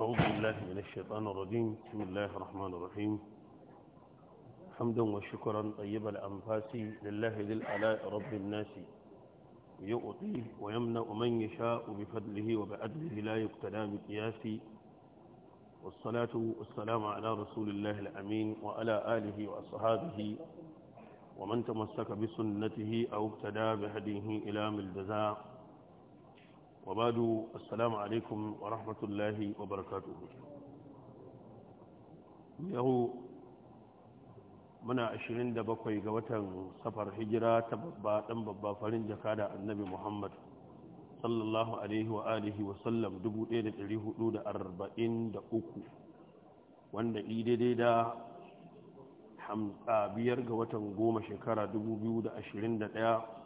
أعوذ بالله من الشيطان الرجيم بسم الله الرحمن الرحيم حمدا وشكرا طيب الأنفاس لله ذي الألاء رب الناس يؤطيه ويمنع من يشاء بفضله وبعدله لا يقتدى بقياس والصلاة والسلام على رسول الله الأمين وعلى آله وأصحابه ومن تمسك بسنته أو اقتدى بهديه إلى ملجزاء وبعد السلام wa ورحمة wa وبركاته Yau muna 27 ga watan safar hijira ta babba dan babba farin jaka da annabi Muhammad sallallahu alaihi wa alihi wa sallam 1443 wanda daidai da hamsa biyar ga watan goma shekara 2021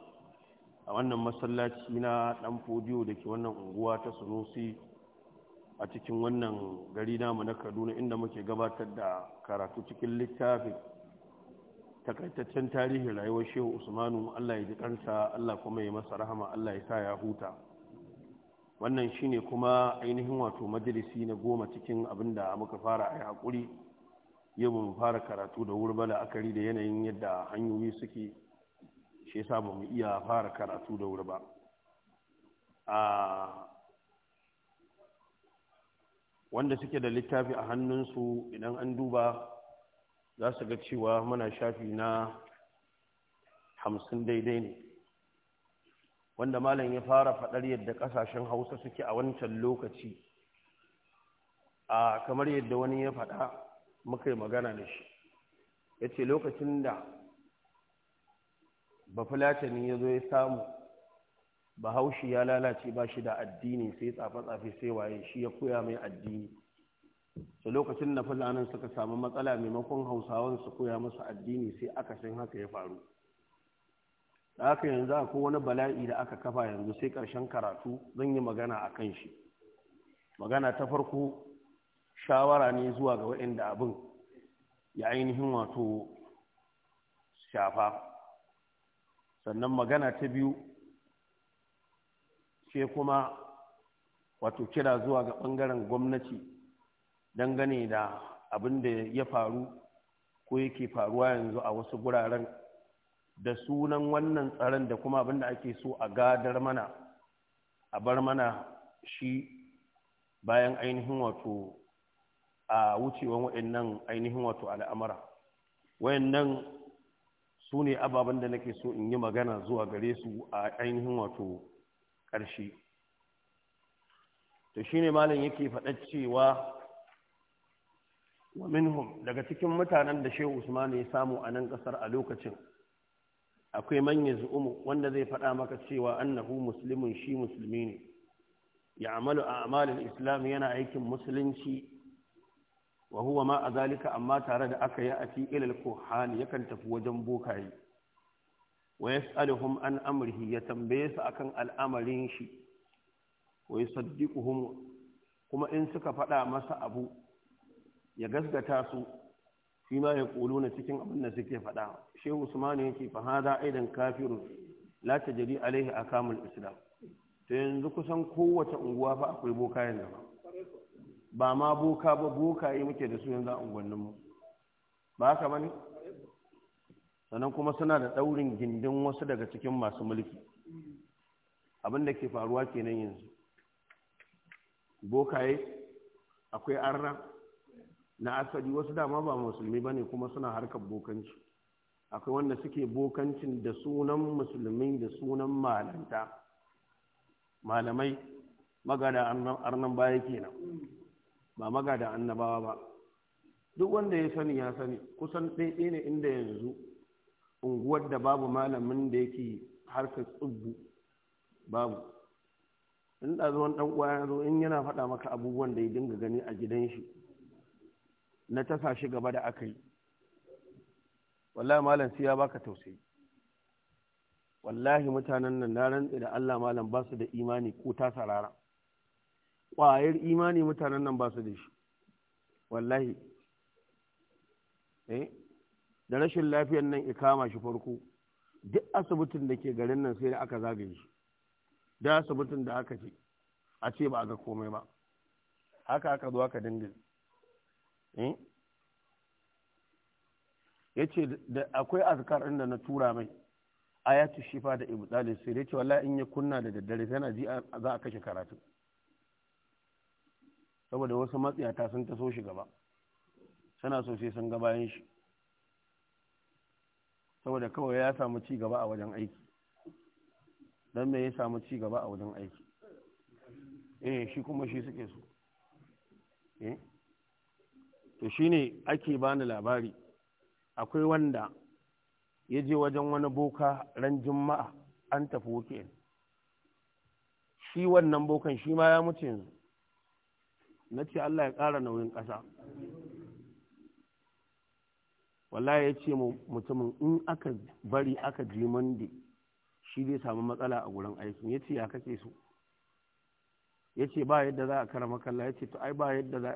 a wannan masallaci na dan fodiyo da ke wannan unguwa ta sunusi a cikin wannan gari namu na kaduna inda muke gabatar da karatu cikin littafin takaitaccen tarihin rayuwar shehu usmanu allah ya ji kansa allah kuma ya masa rahama allah ya sa ya huta wannan shine kuma ainihin wato majalisi na goma cikin abin da muka fara a yi haƙuri yau mu fara karatu da wurbala akari da yanayin yadda hanyoyi suke shi yasa ba iya fara karatu da wuri ba wanda suke da littafi a hannunsu idan an duba za su ga cewa muna shafi na hamsin daidai ne wanda malam ya fara faɗar yadda ƙasashen hausa suke a wancan lokaci a kamar yadda wani ya faɗa muka yi magana da shi ya ce lokacin da ba fulatani ya zo ya samu bahaushe ya lalace ba shi da addini sai tsafe-tsafe sai waye shi ya koya mai addini da lokacin da fulanin suka samu matsala maimakon hausawan su koya musu addini sai aka san haka ya faru da haka yanzu akwai wani bala'i da aka kafa yanzu sai ƙarshen karatu zan yi magana a kan shi magana ta farko shawara ne zuwa ga waɗanda abin ya ainihin wato shafa sannan magana ta biyu ce kuma wato kira zuwa ga ɓangaren gwamnati dangane da abin da ya faru ko yake faruwa yanzu a wasu guraren da sunan wannan tsaron da kuma abin da ake so a gadar mana a bar mana shi bayan ainihin wato a wucewan wa'annan ainihin wato al'amara wayannan su ne ababen da nake so in yi magana zuwa gare su a ainihin wato ƙarshe to shine malam yake faɗa cewa wa minhum daga cikin mutanen da shehu usman ya samu a nan ƙasar a lokacin akwai manya zu'umu wanda zai faɗa maka cewa annahu muslimun shi musulmi ne ya amalu a amalin islam yana aikin musulunci wa huwa ma azalika amma tare da aka yi a fi ilal kohan yakan tafi wajen bokaye wa yas'aluhum an amrihi ya tambaye su akan al'amarin shi wa yusaddiquhum kuma in suka faɗa masa abu ya gasgata su fi ma ya na cikin abin da suke faɗa shehu usman yake fa hada aidan kafirun la tajri alaihi akamul islam to yanzu kusan kowace unguwa fa akwai bokayen nan ba ma boka ba bokaye muke da su yanzu a unguwanninmu ba haka ba ne sannan kuma suna da ɗaurin gindin wasu daga cikin masu mulki abinda ke faruwa kenan yanzu bokaye akwai arna na asali wasu dama ba musulmi ba ne kuma suna harkar bokanci akwai wanda suke bokancin da sunan musulmi da sunan malanta malamai magada arnan baya kenan ba magada annabawa ba duk wanda ya sani ya sani kusan ɗaiɗe ne inda yanzu unguwar da babu malamin da yake harkar tsubbu babu in da zuwan ɗan ya zo in yana faɗa maka abubuwan da ya dinga gani a gidan shi na tasa shi gaba da aka yi wallahi malam sai ya baka tausayi wallahi mutanen nan na rantse da Allah malam ba su da imani ko ta sarara ƙwayar imani mutanen nan ba su da shi wallahi eh da rashin lafiyar nan ikama shi farko duk asibitin da ke garin nan sai da aka zagaye shi da asibitin da aka ce a ce ba a ga komai ba haka aka zo aka dinga eh? ya ce da akwai azkar da na tura mai ayatu shifa da ibtali sai yace wallahi in ya kunna da daddare sai na ji za a kashe karatu saboda wasu matsiyata sun taso shi gaba suna so sai sun bayan shi saboda kawai ya samu ci gaba a wajen aiki don me ya samu ci gaba a wajen aiki eh shi kuma shi suke so eh to shine ake bani labari akwai wanda ya je wajen wani boka ran juma'a an tafi wuke shi wannan bokan shi ma ya mutu yanzu na ce Allah ya ƙara nauyin ƙasa wallahi ya ce mutumin in aka bari aka ji mandi shi zai samu matsala a gurin aikin ya ce ya kake su ya ce ba yadda za a kara makalla ya ce to ai ba yadda za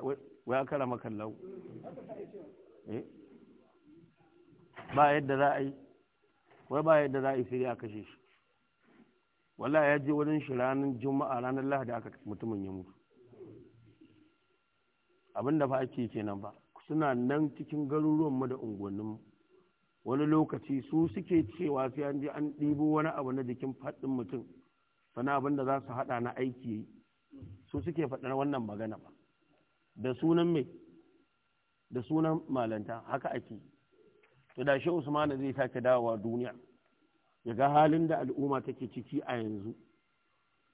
a kara makalla eh? ba yadda za a yi wai ba yadda za a yi sai ya kashe shi wallahi ya je wajen shi ranar juma'a ranar lahadi aka mutumin ya mutu abin da a ake kenan ba suna nan cikin garuruwan mu da unguwanninmu wani lokaci su suke cewa sai an je an ɗibo wani abu na jikin faɗin mutum sana abin da za su haɗa na aiki su suke faɗar wannan magana ba da sunan mai da sunan malanta haka ake to da shi usmanu zai sake dawowa duniya ya ga halin da al'umma take ciki a yanzu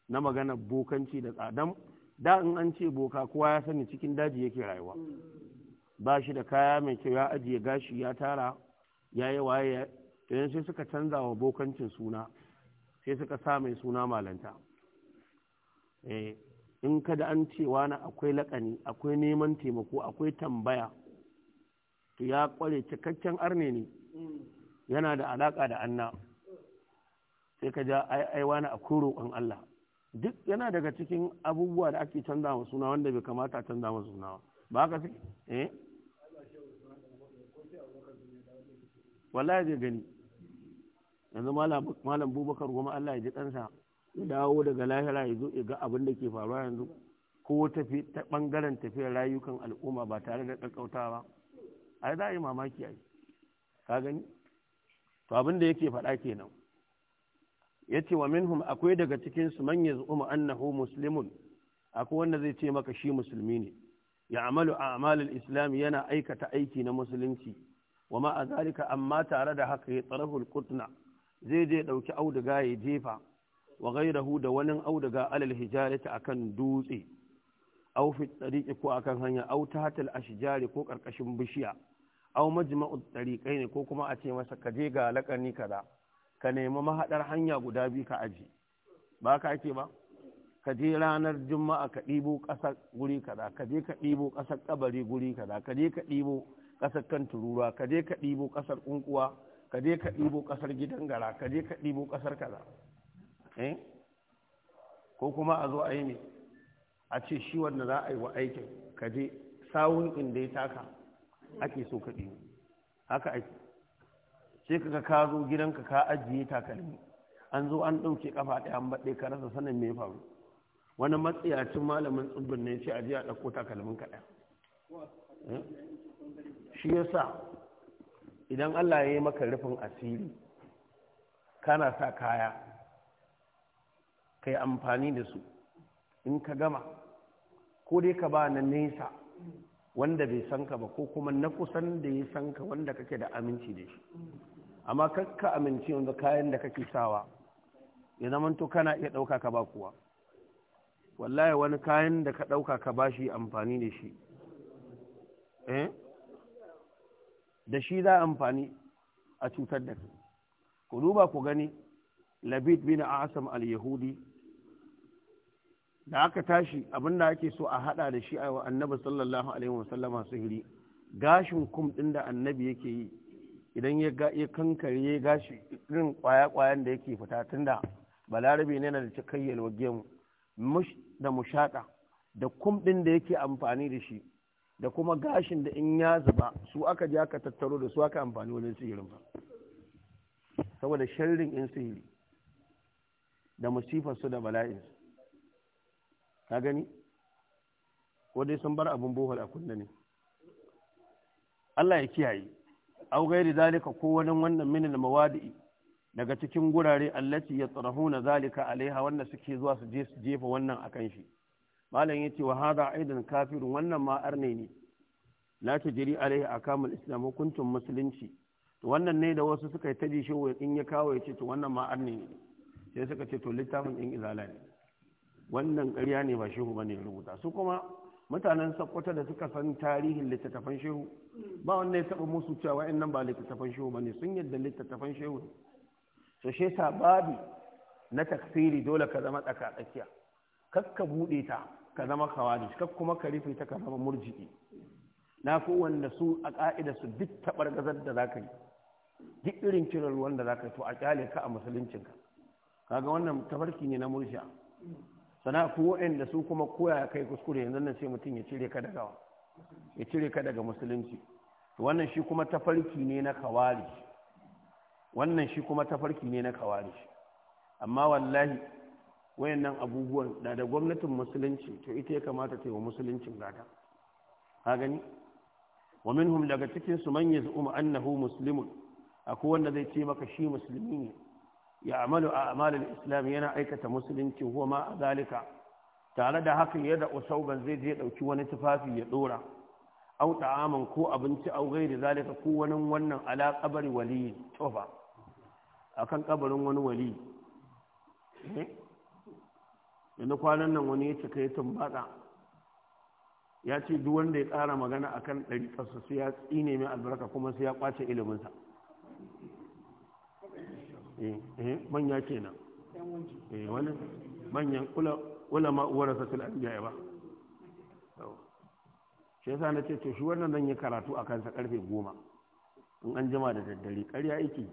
na magana bokanci da tsadan da in an ce boka kowa ya sani cikin daji yake rayuwa ba shi da kaya mai kyau ya ajiye gashi ya tara ya yi waye yanzu sai suka canza wa bokancin suna sai suka sa mai suna malanta eh, in kada an ce wani akwai laƙani akwai neman taimako akwai tambaya to ya kware cikakken arne ne yana da alaka da anna sai ka ja ai wani akwai roƙon Allah duk yana daga cikin abubuwa da ake canza wa suna wanda bai kamata a canza wa suna ba ba haka suke eh wallahi zai gani yanzu malam bubakar goma Allah ya ji kansa ya dawo daga lahira ya zo ya ga abin da ke faruwa yanzu ko ta bangaren tafiyar rayukan al'umma ba tare da kakkautawa ai za a yi mamaki yi ka gani to abin da yake faɗa kenan yace wa minhum akwai daga cikin su man yaz'umu annahu muslimun akwai wanda zai ce maka shi musulmi ne ya amalu a'malul islam yana aikata aiki na musulunci wa ma azalika amma tare da haka ya tsaraful kutna zai je dauki auduga ya jefa wa gairahu da wani auduga alal hijarati akan dutse aw fi tariqi ko akan hanya aw hatal ashjari ko karkashin bishiya aw majma'u tariqaini ko kuma a ce masa ka je ga lakani kaza ka nemi mahaɗar hanya guda biyu ka aji ba ka ake ba ka je ranar juma'a ka ɗibo ƙasar guri kaza ka je ka ɗibo ƙasar kabari guri kaza ka je ka ɗibo ƙasar kan turuwa ka je ka ɗibo ƙasar unguwa, ka je ka ɗibo ƙasar gidan gara ka je ka ɗibo ƙasar kaza eh? ko kuma a zo a yi ne a ce shi wanda za a yi wa aikin ka je sawun inda ya taka ake so ka ɗibo haka ake sai kaga ka zo gidanka ka ajiye takalmi an zo an ɗauke kafa ɗaya an baɗe ka rasa sanin me faru wani matsiyacin malamin tsibbin ne sai ajiye a ɗauko takalmin kaɗa eh? shi yasa idan Allah ya yi maka rufin asiri kana sa kaya ka yi amfani da su in ka gama ko dai ka ba na nesa wanda bai san ka ba ko kuma na kusan da ya san ka wanda kake da aminci da shi amma kakka amince wanda kayan da kake sawa ya zamanto kana iya ɗauka ka ba kuwa wallahi wani kayan da ka ɗauka ka ba shi amfani da shi eh da shi za amfani a cutar da kai ku duba ku gani labid bin asam al-yahudi da aka tashi abinda ake so a hada da shi a annabi sallallahu alaihi wasallama sihiri gashin kum din da annabi yake yi idan ya kankare ya gashi irin kwaya-kwayan da yake fita tunda balarabe ne na da cikayyar wage mu mush da mushaka da kum ɗin da yake amfani da shi da kuma gashin da in ya zuba su aka ji aka tattaro da su aka amfani wajen sihirin ba saboda sharrin in sihiri da su da bala'in ka gani ko dai sun bar abin bohol a kunne ne Allah ya kiyaye aw da zalika ko wani wannan min al-mawadi daga cikin gurare ya allati na zalika alaiha wanda suke zuwa su je su jefa wannan akan shi malam ce wa hada aidan kafirun wannan ma arne ne la tajri alaihi akamul islam hukuntun musulunci to wannan ne da wasu suka yi taji shi in ya kawo yace to wannan ma arne ne sai suka ce to littafin in izala ne wannan ƙarya ne ba shi shehu bane rubuta su kuma mutanen sakkwato da suka san tarihin littattafan shehu ba wanda ya taba musu cewa nan ba littattafan shehu ba ne sun yadda littattafan shehu ne so shi yasa babi na takfiri dole ka zama tsaka tsakiya kak buɗe ta ka zama kawani kak kuma ka rufe ta ka zama murjiki na ko wanda su a ƙa'ida su duk taɓar gazar da zaka yi duk irin kiran ruwan za zaka yi to a ƙyale ka a musuluncinka kaga wannan tafarki ne na murja. sana ku waɗanda su kuma koya kai kuskure yanzu nan sai mutum ya cire ka daga ya cire ka daga musulunci wannan shi kuma tafarki ne na kawari wannan shi kuma tafarki ne na kawari amma wallahi wayannan abubuwan da da gwamnatin musulunci to ita ya kamata ta yi wa musuluncin gata ha gani wa minhum daga cikin su man yaz'umu annahu muslimun akwai wanda zai ce maka shi musulmi ne ya amalu a amalin islam yana aikata musulunci huwa ma a zalika tare da haka yadda usauban zai je ɗauki wani tufafi ya ɗora au ta'aman ko abinci au gairi zalika ko wani wannan ala kabari wali tofa akan kabarin wani wali yanzu kwanan nan wani ya cika ya tumbatsa ya ce duk wanda ya kara magana akan ɗari sai ya tsine mai albarka kuma sai ya kwace iliminsa Eh, eh, manya kenan eh wani manyan kula ma ulama warasatul anbiya ba shi yasa na ce to shi wannan zan yi karatu a kansa karfe goma in an jima da daddare karya yake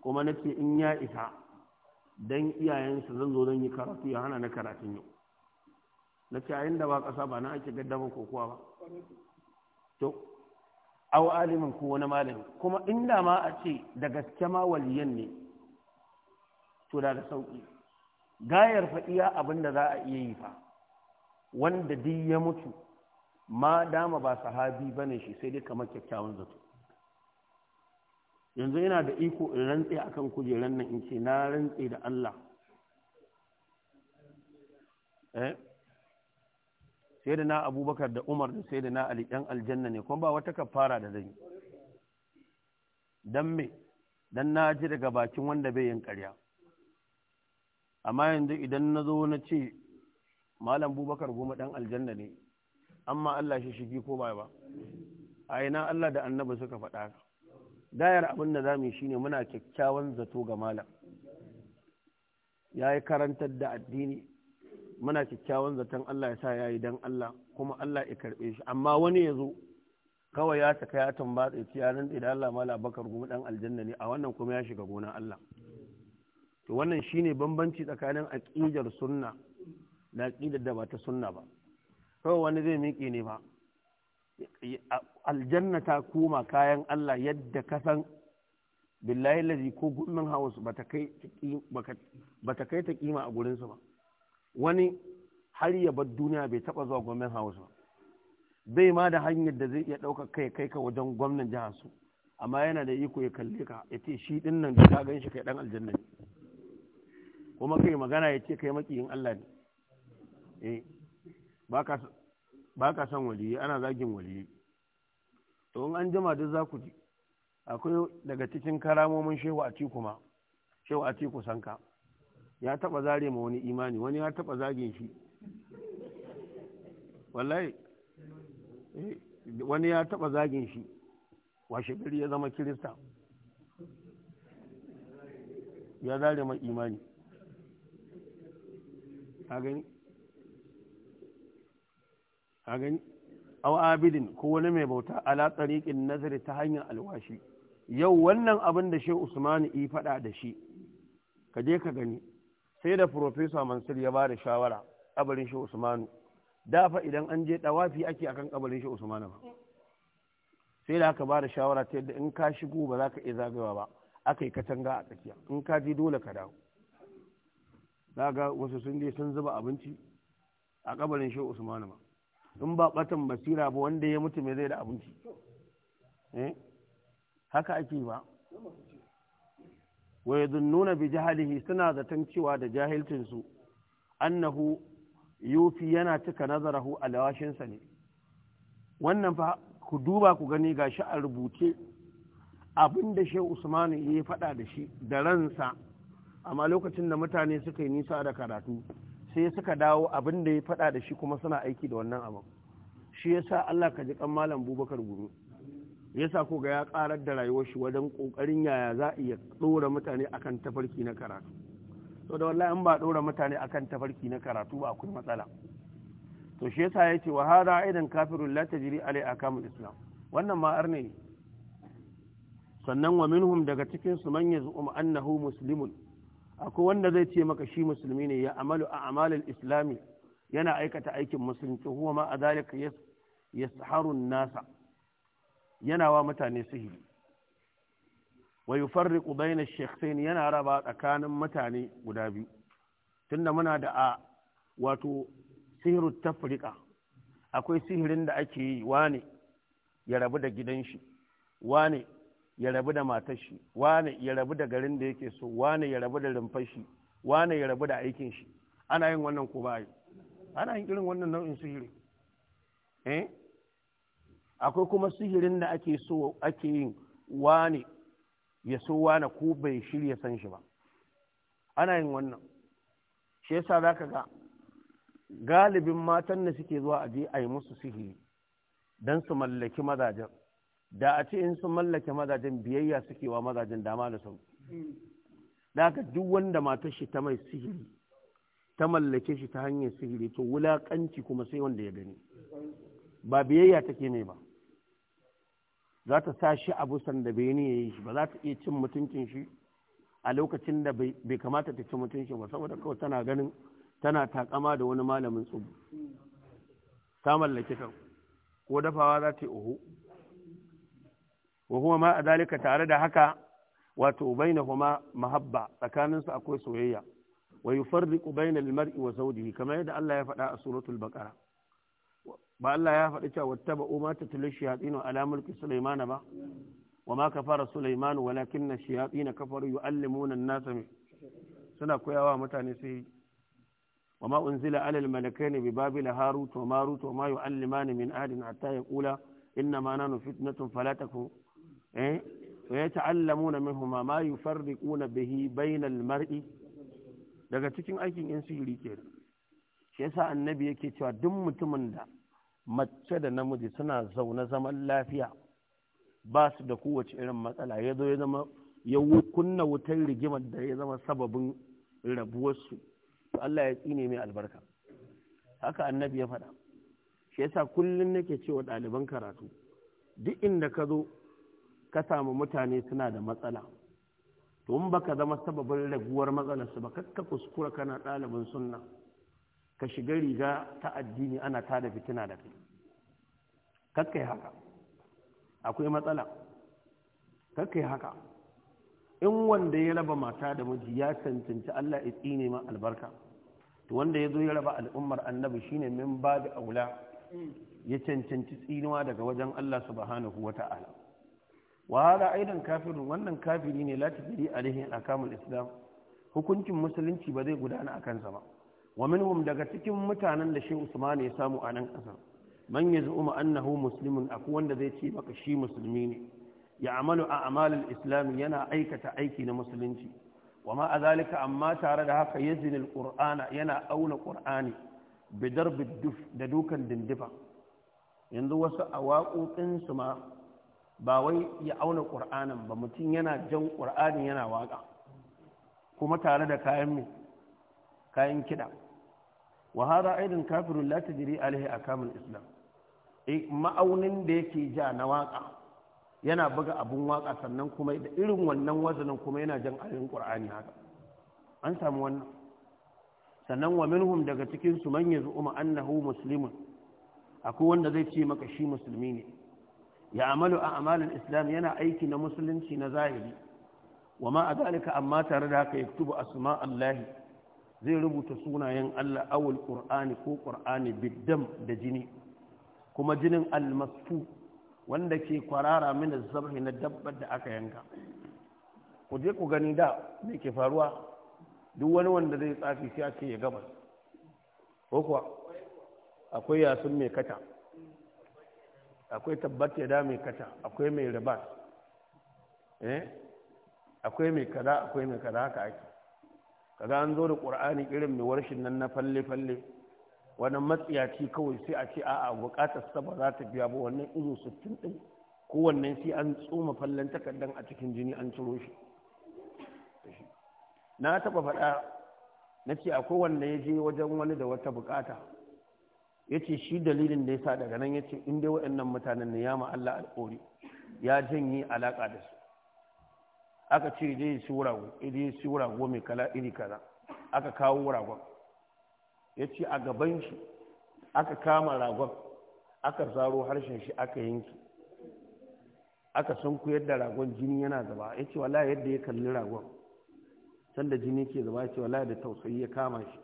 kuma na ce in ya isa don iyayensa zan zo zan yi karatu ya hana na karatun yau na ce a inda ba kasa ba na ake gaddaman kokowa ba to aw alimin ko wani malami kuma inda ma a ce da gaske ma waliyan ne to da da sauƙi gayar faɗiya abin da za a iya yi fa wanda duk ya mutu ma dama ba sahabi ba ne shi sai dai kamar kyakkyawan zato yanzu yana da iko in rantse a kan kujeran nan in ce na rantse da Allah eh sai da na abubakar da umar da sai da na ali aljanna ne kuma ba wata kafara da zai don me don na ji daga bakin wanda bai yin karya amma yanzu idan na zo na ce malam bubakar goma dan aljanna ne amma Allah shi shigi ko ba ba a ina Allah da annabi suka faɗa dayar abin da za mu yi ne muna kyakkyawan zato ga malam ya yi karantar da addini muna kyakkyawan zaton Allah ya sa ya yi don Allah kuma Allah ya karbe shi amma wani ya zo kawai ya saka ya tambatsa ya ci ya nan da Allah malam bakar goma dan aljanna ne a wannan kuma ya shiga gonan Allah to wannan shine bambanci tsakanin aqidar sunna da aqidar da ba ta sunna ba kawai wani zai miƙe ne ba aljanna ta koma kayan Allah yadda ka san billahi lazi ko gummin Hausu bata kai ta kai ta kima a gurinsu ba wani har ya bar duniya bai taba zuwa gwamnan Hausu ba bai ma da hanyar da zai iya ɗaukar kai kai ka wajen gwamnan jihar su amma yana da iko ya kalle ka ya ce shi ɗin nan da ka gan kai ɗan aljanna ne kuma kai magana ya ce kai makiyin Allah ne eh ba ka son waliyi ana zagin waliyi to in an jima duk za ku ji akwai daga cikin karamomin shehu a kuma shehu a ciku sanka ya taba zare ma wani imani wani ya taba zagin shi wallahi eh, wani ya taba zagin shi washe gari ya zama kirista ya zare ma imani ka aw abidin ko wani mai bauta ala tsarikin nazari ta hanyar alwashi yau wannan abin da shi Usmani i faɗa da shi ka je ka gani sai da Profesa Mansur ya ba da shawara kabarin shi Usmanu dafa idan an je ɗawafi ake akan kabarin shi Usmanu ba sai da aka ba da shawara ta yadda in ka shigo ba za ka iya zagawa ba aka yi katanga a tsakiya in ka ji dole ka dawo za ga wasu sun je sun zuba abinci a kabarin shi usmanu ma in ba batan basira ba wanda ya mutu mai zai da abinci eh haka ake ba wa nuna bi jahalihi suna zaton cewa da jahilcin su annahu yufi yana cika nazarahu lawashinsa ne wannan fa ku duba ku gani gashi a rubuce abin da shi usmanu ya faɗa da shi da ransa amma lokacin da mutane suka yi nisa da karatu sai suka dawo abin da ya faɗa da shi kuma suna aiki da wannan abin shi ya sa, Allah ka ji kan malam Bubakar Guru sa ko ga ya karar da rayuwar shi wajen kokarin yaya za a iya ɗora mutane akan tafarki na karatu to da wallahi in ba ɗora mutane akan tafarki na karatu ba akwai matsala to shi yasa ce wa hada aidan kafirun la tajri alai akamul islam wannan ma ne. sannan wa minhum daga cikin su man yazum annahu muslimun akwai wanda zai ce maka shi musulmi ne ya amalu a amalin islami yana aikata aikin musulunci huwa ma a zalika ya saharun nasa yana wa mutane sihiri wa yi farri ƙubainar yana raba tsakanin mutane guda biyu tunda muna da a wato sihirin tafrika akwai sihirin da ake yi wane ya rabu da gidan shi wane ya rabu da matar shi wane ya rabu da garin da yake so wane ya rabu da rumfar shi wane ya rabu da aikin shi ana yin wannan ko ba ana yin irin wannan nau'in sihiri eh akwai kuma sihirin da ake so ake yin wane ya so wane ko bai shirya san shi ba ana yin wannan shi yasa zaka ga galibin matan da suke zuwa aje a yi musu sihiri don su mallaki mazajen da a ce in sun mallake mazajen biyayya suke wa mazajen dama da sau hmm. da duk wanda matar shi ta mai sihiri ta mallake shi ta hanyar sihiri to wulaƙanci kuma sai wanda ya gani ba biyayya take ne ba za ta sa shi abu sanda bai ne ya yi shi ba za ta iya cin mutuncin shi a lokacin da bai kamata ta ci mutuncin ba saboda kawai tana ganin tana takama da wani malamin tsubu ta mallake ta ko dafawa za ta yi oho wa ma a zalika tare da haka wato bainahuma mahabba tsakaninsu akwai soyayya wa yufarriqu bainal mar'i wa zawjihi kamar yadda Allah ya faɗa a suratul baqara ba Allah ya faɗi cewa wattaba'u ma tatlu shayatin ala mulki sulaiman ba wa ma kafara sulaiman walakin ash-shayatin kafaru yu'allimuna an-nasa suna koyawa mutane sai wa ma unzila alal malakai malakaini bi babila harut wa marut wa ma yu'allimani min ahadin hatta yaqula inna ma nanu fitnatun fala takfur eh wa yata'allamuna minhuma ma yufarriquna bihi mar'i daga cikin aikin yan sihiri ke shi yasa annabi yake cewa duk mutumin da mace da namiji suna zaune zaman lafiya ba su da kowace irin matsala ya zo ya zama ya kunna wutar rigimar da ya zama sababin rabuwarsu to Allah ya tsine mai albarka haka annabi ya faɗa shi yasa kullum nake cewa ɗaliban karatu duk inda ka zo ka samu mutane suna da matsala to in baka zama sababin raguwar matsalarsu ba kakka kuskura kana ɗalibin sunna ka shiga riga ta addini ana tada fitina da kai kakka yi haka akwai matsala kakka yi haka in wanda ya raba mata da miji ya cancanci Allah ya tsine ma albarka to wanda ya zo ya raba al'ummar annabi shine min babu aula ya cancanci tsinuwa daga wajen Allah subhanahu wata'ala wa hada aidan kafirun wannan kafiri ne la tadri alaihi akamul islam hukuncin musulunci ba zai gudana akan sa ba wa minhum daga cikin mutanen da shi Usman ya samu a nan kasar man umma annahu musulmin aku wanda zai ce maka shi musulmi ne ya amalu a amalin islam yana aikata aiki na musulunci wa ma azalika amma tare da haka yazini qur'ana yana auna qur'ani bidar bidduf, da dukan dindifa yanzu wasu a waƙoƙinsu ma ba wai ya auna ƙur'anin ba mutum yana jan ƙur'anin yana waƙa kuma tare da kayan mai kayan kiɗa wa hada aidin kafirun la alihi kamun kamun islam eh, ma'aunin da yake ja na waƙa yana buga abun waƙa sannan kuma da irin wannan wazanin kuma yana jan ayin ƙur'ani haka an samu wannan sannan wa minhum daga cikin su man yaz'uma annahu muslimun akwai wanda zai ce maka shi musulmi ne ya amalu a amalin islam yana aiki na musulunci na zahiri wa ma a zalika amma tare da haka ya a suma allahi zai rubuta sunayen allah awul ƙurani ko Ƙur'ani biddam da jini kuma jinin almasfu wanda ke kwarara mini zabahi na dabbar da aka yanka ku je ku gani da mai ke faruwa duk wani wanda zai tsafi sai ake ya gabas ko kuwa akwai yasun mai kata akwai tabbat ya da mai kata akwai mai riba eh? akwai mai kaza akwai mai kaza haka ake kaza an zo da qur'ani irin mai warshin nan na falle falle wani matsiyaci kawai sai a ce a bukatar saba za ta biya ba wannan izo 60 ɗin kowanne sai an tsoma fallen takardar a cikin jini an ciro shi na taɓa faɗa na ce akwai wanda ya je wajen wani da wata bukata ya ce shi dalilin da ya sa daga nan ya ce inda waɗannan mutanen ne ya Allah alƙori ya janye alaƙa da su aka ce da ya ci da ya ci wuragu mai kala iri kaza aka kawo wuragon ya ce a gaban shi aka kama ragon aka zaro harshen shi aka yanki aka san ku yadda ragon jini yana zaba ya ce wala yadda ya kalli ragon sanda jini ke zaba ya ce wala da tausayi ya kama shi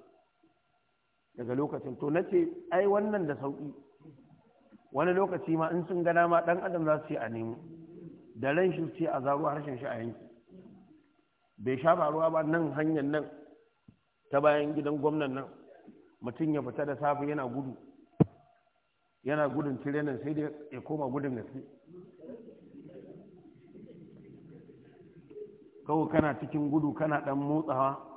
daga lokacin to na ce ai wannan da sauƙi wani lokaci ma in sun gana ma ɗan adam za su ce a nemo da ran shi ce a zaro harshen shi a yanki bai sha faruwa ba nan hanyar nan ta bayan gidan gwamnan nan mutum ya fita da safe yana gudu yana gudun tirenin sai dai ya koma gudun gaske kawai kana cikin gudu kana ɗan motsawa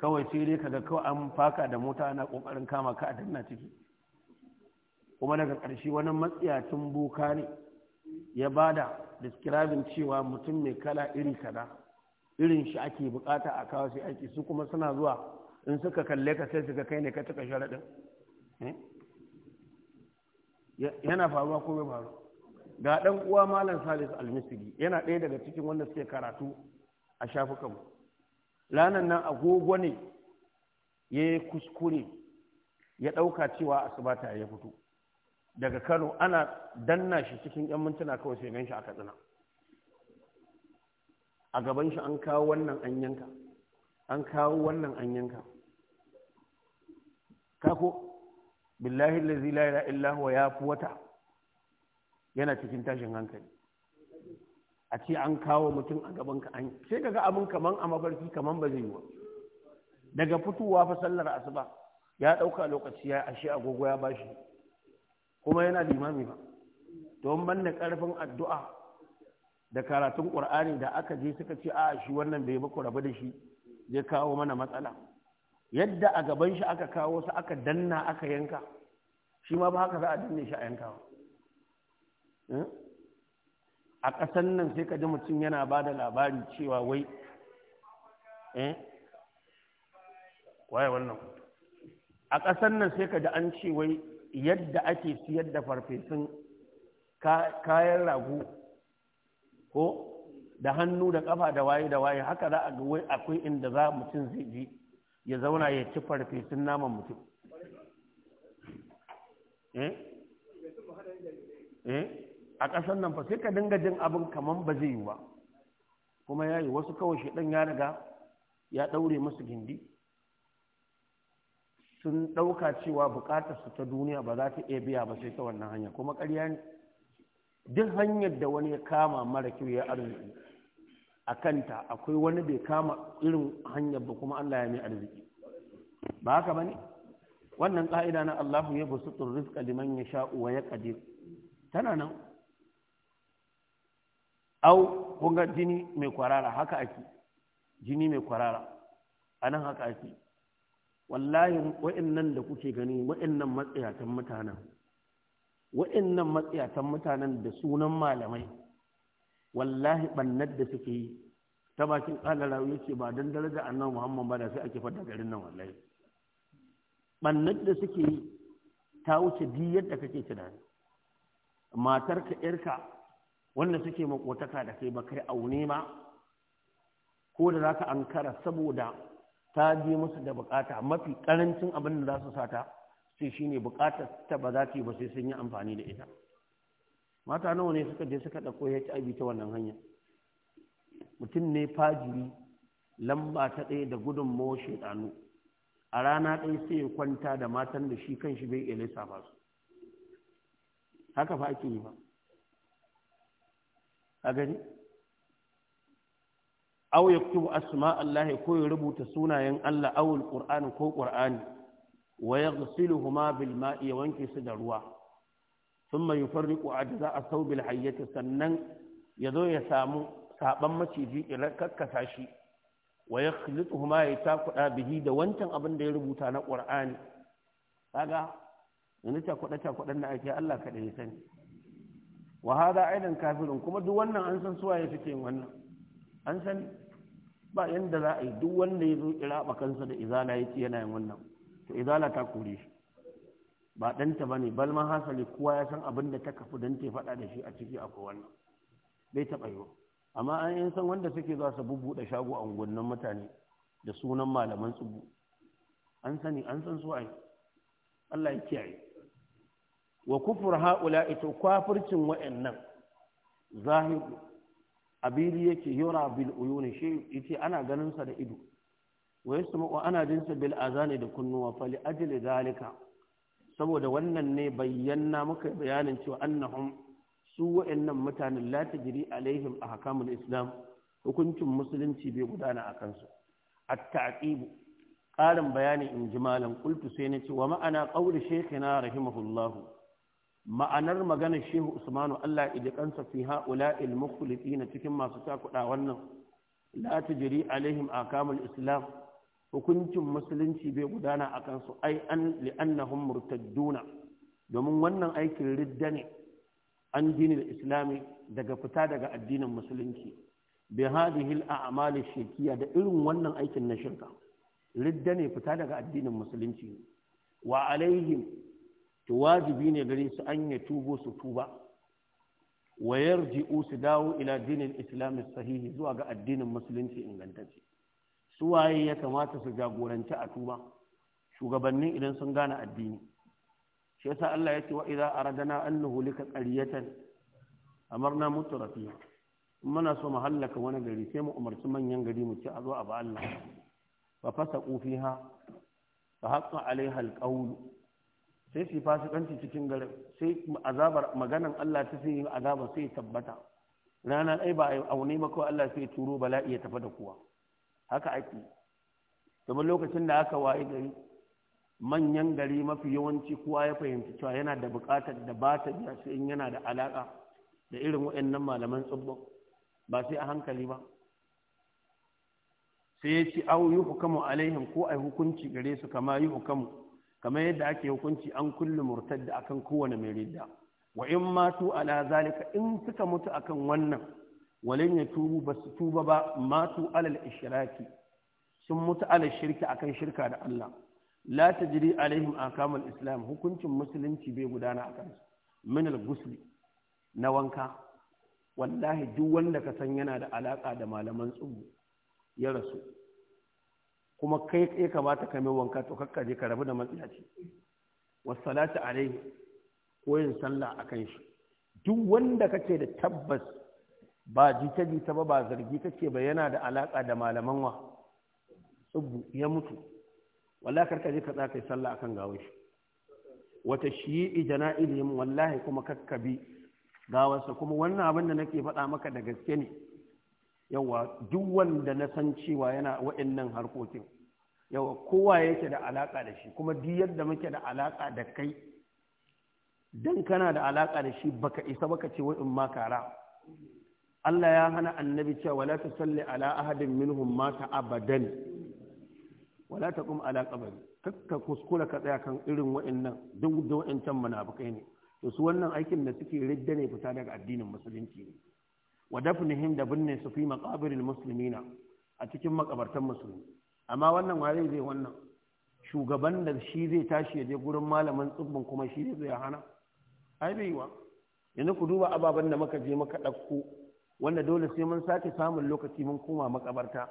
kawai sai dai kaga kawai an faka da mota ana kokarin kama ka a danna ciki kuma daga ƙarshe wani matsiyacin boka ne ya bada describing cewa mutum mai kala iri kaza irin shi ake bukata a kawo sai aiki su kuma suna zuwa in suka kalle ka sai suka kai ne ka cika sharaɗin eh? yana faruwa ko bai faru ga dan uwa malam salis almisiri yana ɗaya daga cikin wanda suke karatu a shafukanmu ranar nan agogo ne ya yi kuskure ya ɗauka cewa asibata ya fito daga kano ana danna shi cikin 'yan mintuna kawai sai gan shi a katsina a gaban shi an kawo wannan an yanka an kawo wannan an yanka kako billahi lazi la illahu ya fi wata yana cikin tashin hankali a ce an kawo mutum a gaban ka an sai kaga abin kaman a mafarki kaman ba zai yi daga fitowa fa sallar asuba ya dauka lokaci ya ashe agogo ya bashi kuma yana limami ba don ban da karfin addu'a da karatun qur'ani da aka je suka ce a shi wannan bai ba ku rabu da shi zai kawo mana matsala yadda a gaban shi aka kawo su aka danna aka yanka shi ma ba haka za a danne shi a yanka yankawa a ƙasan nan sai ka ji mutum yana ba da labari cewa wai eh? waye wannan a ƙasan nan sai ka ji an ce wai yadda ake siyar da farfesun kayan ragu ko da hannu da ƙafa da waye da waye haka za a ga wai akwai inda za mutum zai je ya zauna ya ci farfesun naman mutum eh eh a ƙasar nan fa sai ka dinga jin abin kaman ba zai yi ba kuma ya yi wasu kawai shaɗan ya riga ya ɗaure musu gindi sun ɗauka cewa buƙatar su ta duniya ba za ta iya biya ba sai ta wannan hanya kuma ƙarya ne duk hanyar da wani ya kama mara kyau ya arziki a kanta akwai wani bai kama irin hanyar ba kuma Allah ya mai arziki ba haka ba ne wannan ƙa'ida na Allahu ya basu rizqa liman ya sha'u wa ya tana nan au kunga jini mai kwarara haka ake jini mai kwarara a nan haka ake wallahi wa'annan da kuke gani wa'annan matsayatan mutanen wa'annan matsayatan mutanen da sunan malamai wallahi bannar da suke yi ta bakin ƙalara yake ba don daraja annabi muhammad ba da sai ake fada garin nan wallahi bannar da suke yi ta wuce diyar da kake tunani matarka yarka wanda suke makotaka da kai ba kai aune ma ko da za ka ankara saboda ta je musu da bukata mafi karancin abin da za su sata sai ne bukatar ta ba za ta yi ba sai sun yi amfani da ita mata nawa ne suka je suka ɗauko HIV ta wannan hanya mutum ne fajiri lamba ta ɗaya da gudun mawa shaidanu a rana ɗaya sai ya kwanta da matan da shi kan shi bai iya su haka fa ake yi ba a gani aw yaktubu asma Allah ko ya rubuta sunayen Allah awul alquran ko qur'ani wa huma bil ma'i wanke su da ruwa thumma yufarriqu ajza as-sawb al hayyati sannan yazo ya samu saban maciji ya kakkasa shi wa yakhlituhuma ya bihi da wancan abin da ya rubuta na qur'ani kaga yanzu ta takudan na ake Allah kaɗai ya sani wa hada aidan kafirun kuma duk wannan an san suwaye suke wannan an san ba yanda za a yi duk wanda ya zo iraba kansa da izala ya ce yana yin wannan to izala ta kore shi ba ɗanta ba ne bal ma hasali kowa ya san abin da ta kafu don ta faɗa da shi a ciki akwai wannan bai taɓa yi amma an yi san wanda suke za su bubbuɗe shago a unguwannin mutane da sunan malaman tsubu an sani an san su Allah ya kiyaye wa kufur haula ito kwafircin wa'annan zahiru abili yake yura bil uyuni shi yace ana ganin sa da ido wa ana jinsa bil azani da kunnuwa fa li ajli zalika saboda wannan ne bayyana muka bayanin cewa annahum su wa'annan mutanen la tajri alaihim ahkamul islam hukuncin musulunci bai gudana a kansu at-ta'qib qarin bayani in qultu sai nace wa ma'ana qawli shaykhina rahimahullahu ma'anar maganar shehu usmanu allah idikansa fi ha'ula ilmukhliqina cikin masu takuda wannan la tajri alaihim akamul islam hukuncin musulunci bai gudana a kansu ai an li'annahun murtadduna domin wannan aikin ridda ne an dinin islami daga fita daga addinin musulunci bi hadhihi al-a'mal shirkiya da irin wannan aikin na shirka ridda ne fita daga addinin musulunci wa alaihim to wajibi ne gare su an ya tubo su tuba wayar ji'u su dawo ila dinin islami sahihi zuwa ga addinin musulunci ingantacce su waye ya kamata su jagoranci a tuba shugabannin idan sun gane addini shi yasa Allah ya ce wa idza aradana an nuhlika qaryatan amarna mutu in muna so mu hallaka wani gari sai mu umarci manyan gari mu ci a zo a ba Allah fa fasa fiha fa haqqa alaiha alqawl sai su yi fasikanci cikin garin sai azabar maganan Allah ta sai azabar sai tabbata rana ai ba a ba kawai Allah sai turo bala'i ya tafi da kowa haka ake domin lokacin da aka waye gari manyan gari mafi yawanci kowa ya fahimci cewa yana da buƙatar da ba ta biya sai yana da alaƙa da irin waɗannan malaman tsibbo ba sai a hankali ba sai ya ci au yi hukamu alaihim ko a yi hukunci gare su kama yi hukamu kamar yadda ake hukunci an kullu murtadda akan kowane mai ridda wa in matu ala zalika in suka mutu akan wannan walin ya tubu ba su tuba ba matu alal ishraki sun mutu alal shirki akan shirka da Allah la tajri alaihim akamul islam hukuncin musulunci bai gudana akan su min al na wanka wallahi duk wanda ka san yana da alaka da malaman tsubu ya rasu kuma kai ya kamata ka mai wanka to kakka je ka rabu da matsiyaci wasalatu alaihi ko yin sallah akan shi duk wanda kake da tabbas ba jita jita ba ba zargi kake ba yana da alaka da malaman wa tsubbu ya mutu wallahi karka je ka tsaka sallah akan gawar shi wata shi'i jana'ilihim wallahi kuma kakkabi gawarsa kuma wannan abin da nake faɗa maka da gaske ne yawa duk wanda na san cewa yana wa'annan harkokin yawa kowa yake da alaka da shi kuma duk yadda muke da alaka da kai dan kana da alaka da shi baka isa baka ce wa'in ma kara Allah ya hana annabi cewa wala salli ala ahadin minhum mata abadan wala kum ala qabr kakka kuskura ka tsaya kan irin wa'annan duk da wa'ancan munafikai ne to su wannan aikin da suke ridda ne fita daga addinin musulunci ne wa dafnihim da binne su fi maqabiril muslimina a cikin makabartan musulmi amma wannan ware zai wannan shugaban da shi zai tashi ya je gurin malamin tsibbin kuma shi zai hana ai bai wa yanzu ku duba ababen da muka je muka ɗauko wanda dole sai mun sake samun lokaci mun koma makabarta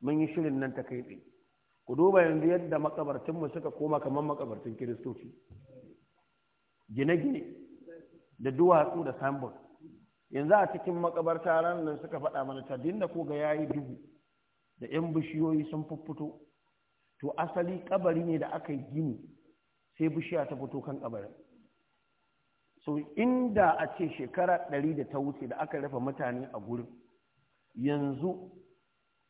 mun yi shirin nan ta kai ku duba yanzu yadda mu suka koma kamar makabartun kiristoci gine-gine da duwatsu da sambon yanzu a cikin makabarta ranar suka faɗa mana ta dinda ko ga yayi duhu da yan bishiyoyi sun fuffuto to asali kabari ne da aka yi gini sai bishiya ta fito kan kabarin so inda a ce shekara ɗari da ta wuce da aka rufe mutane a gurin yanzu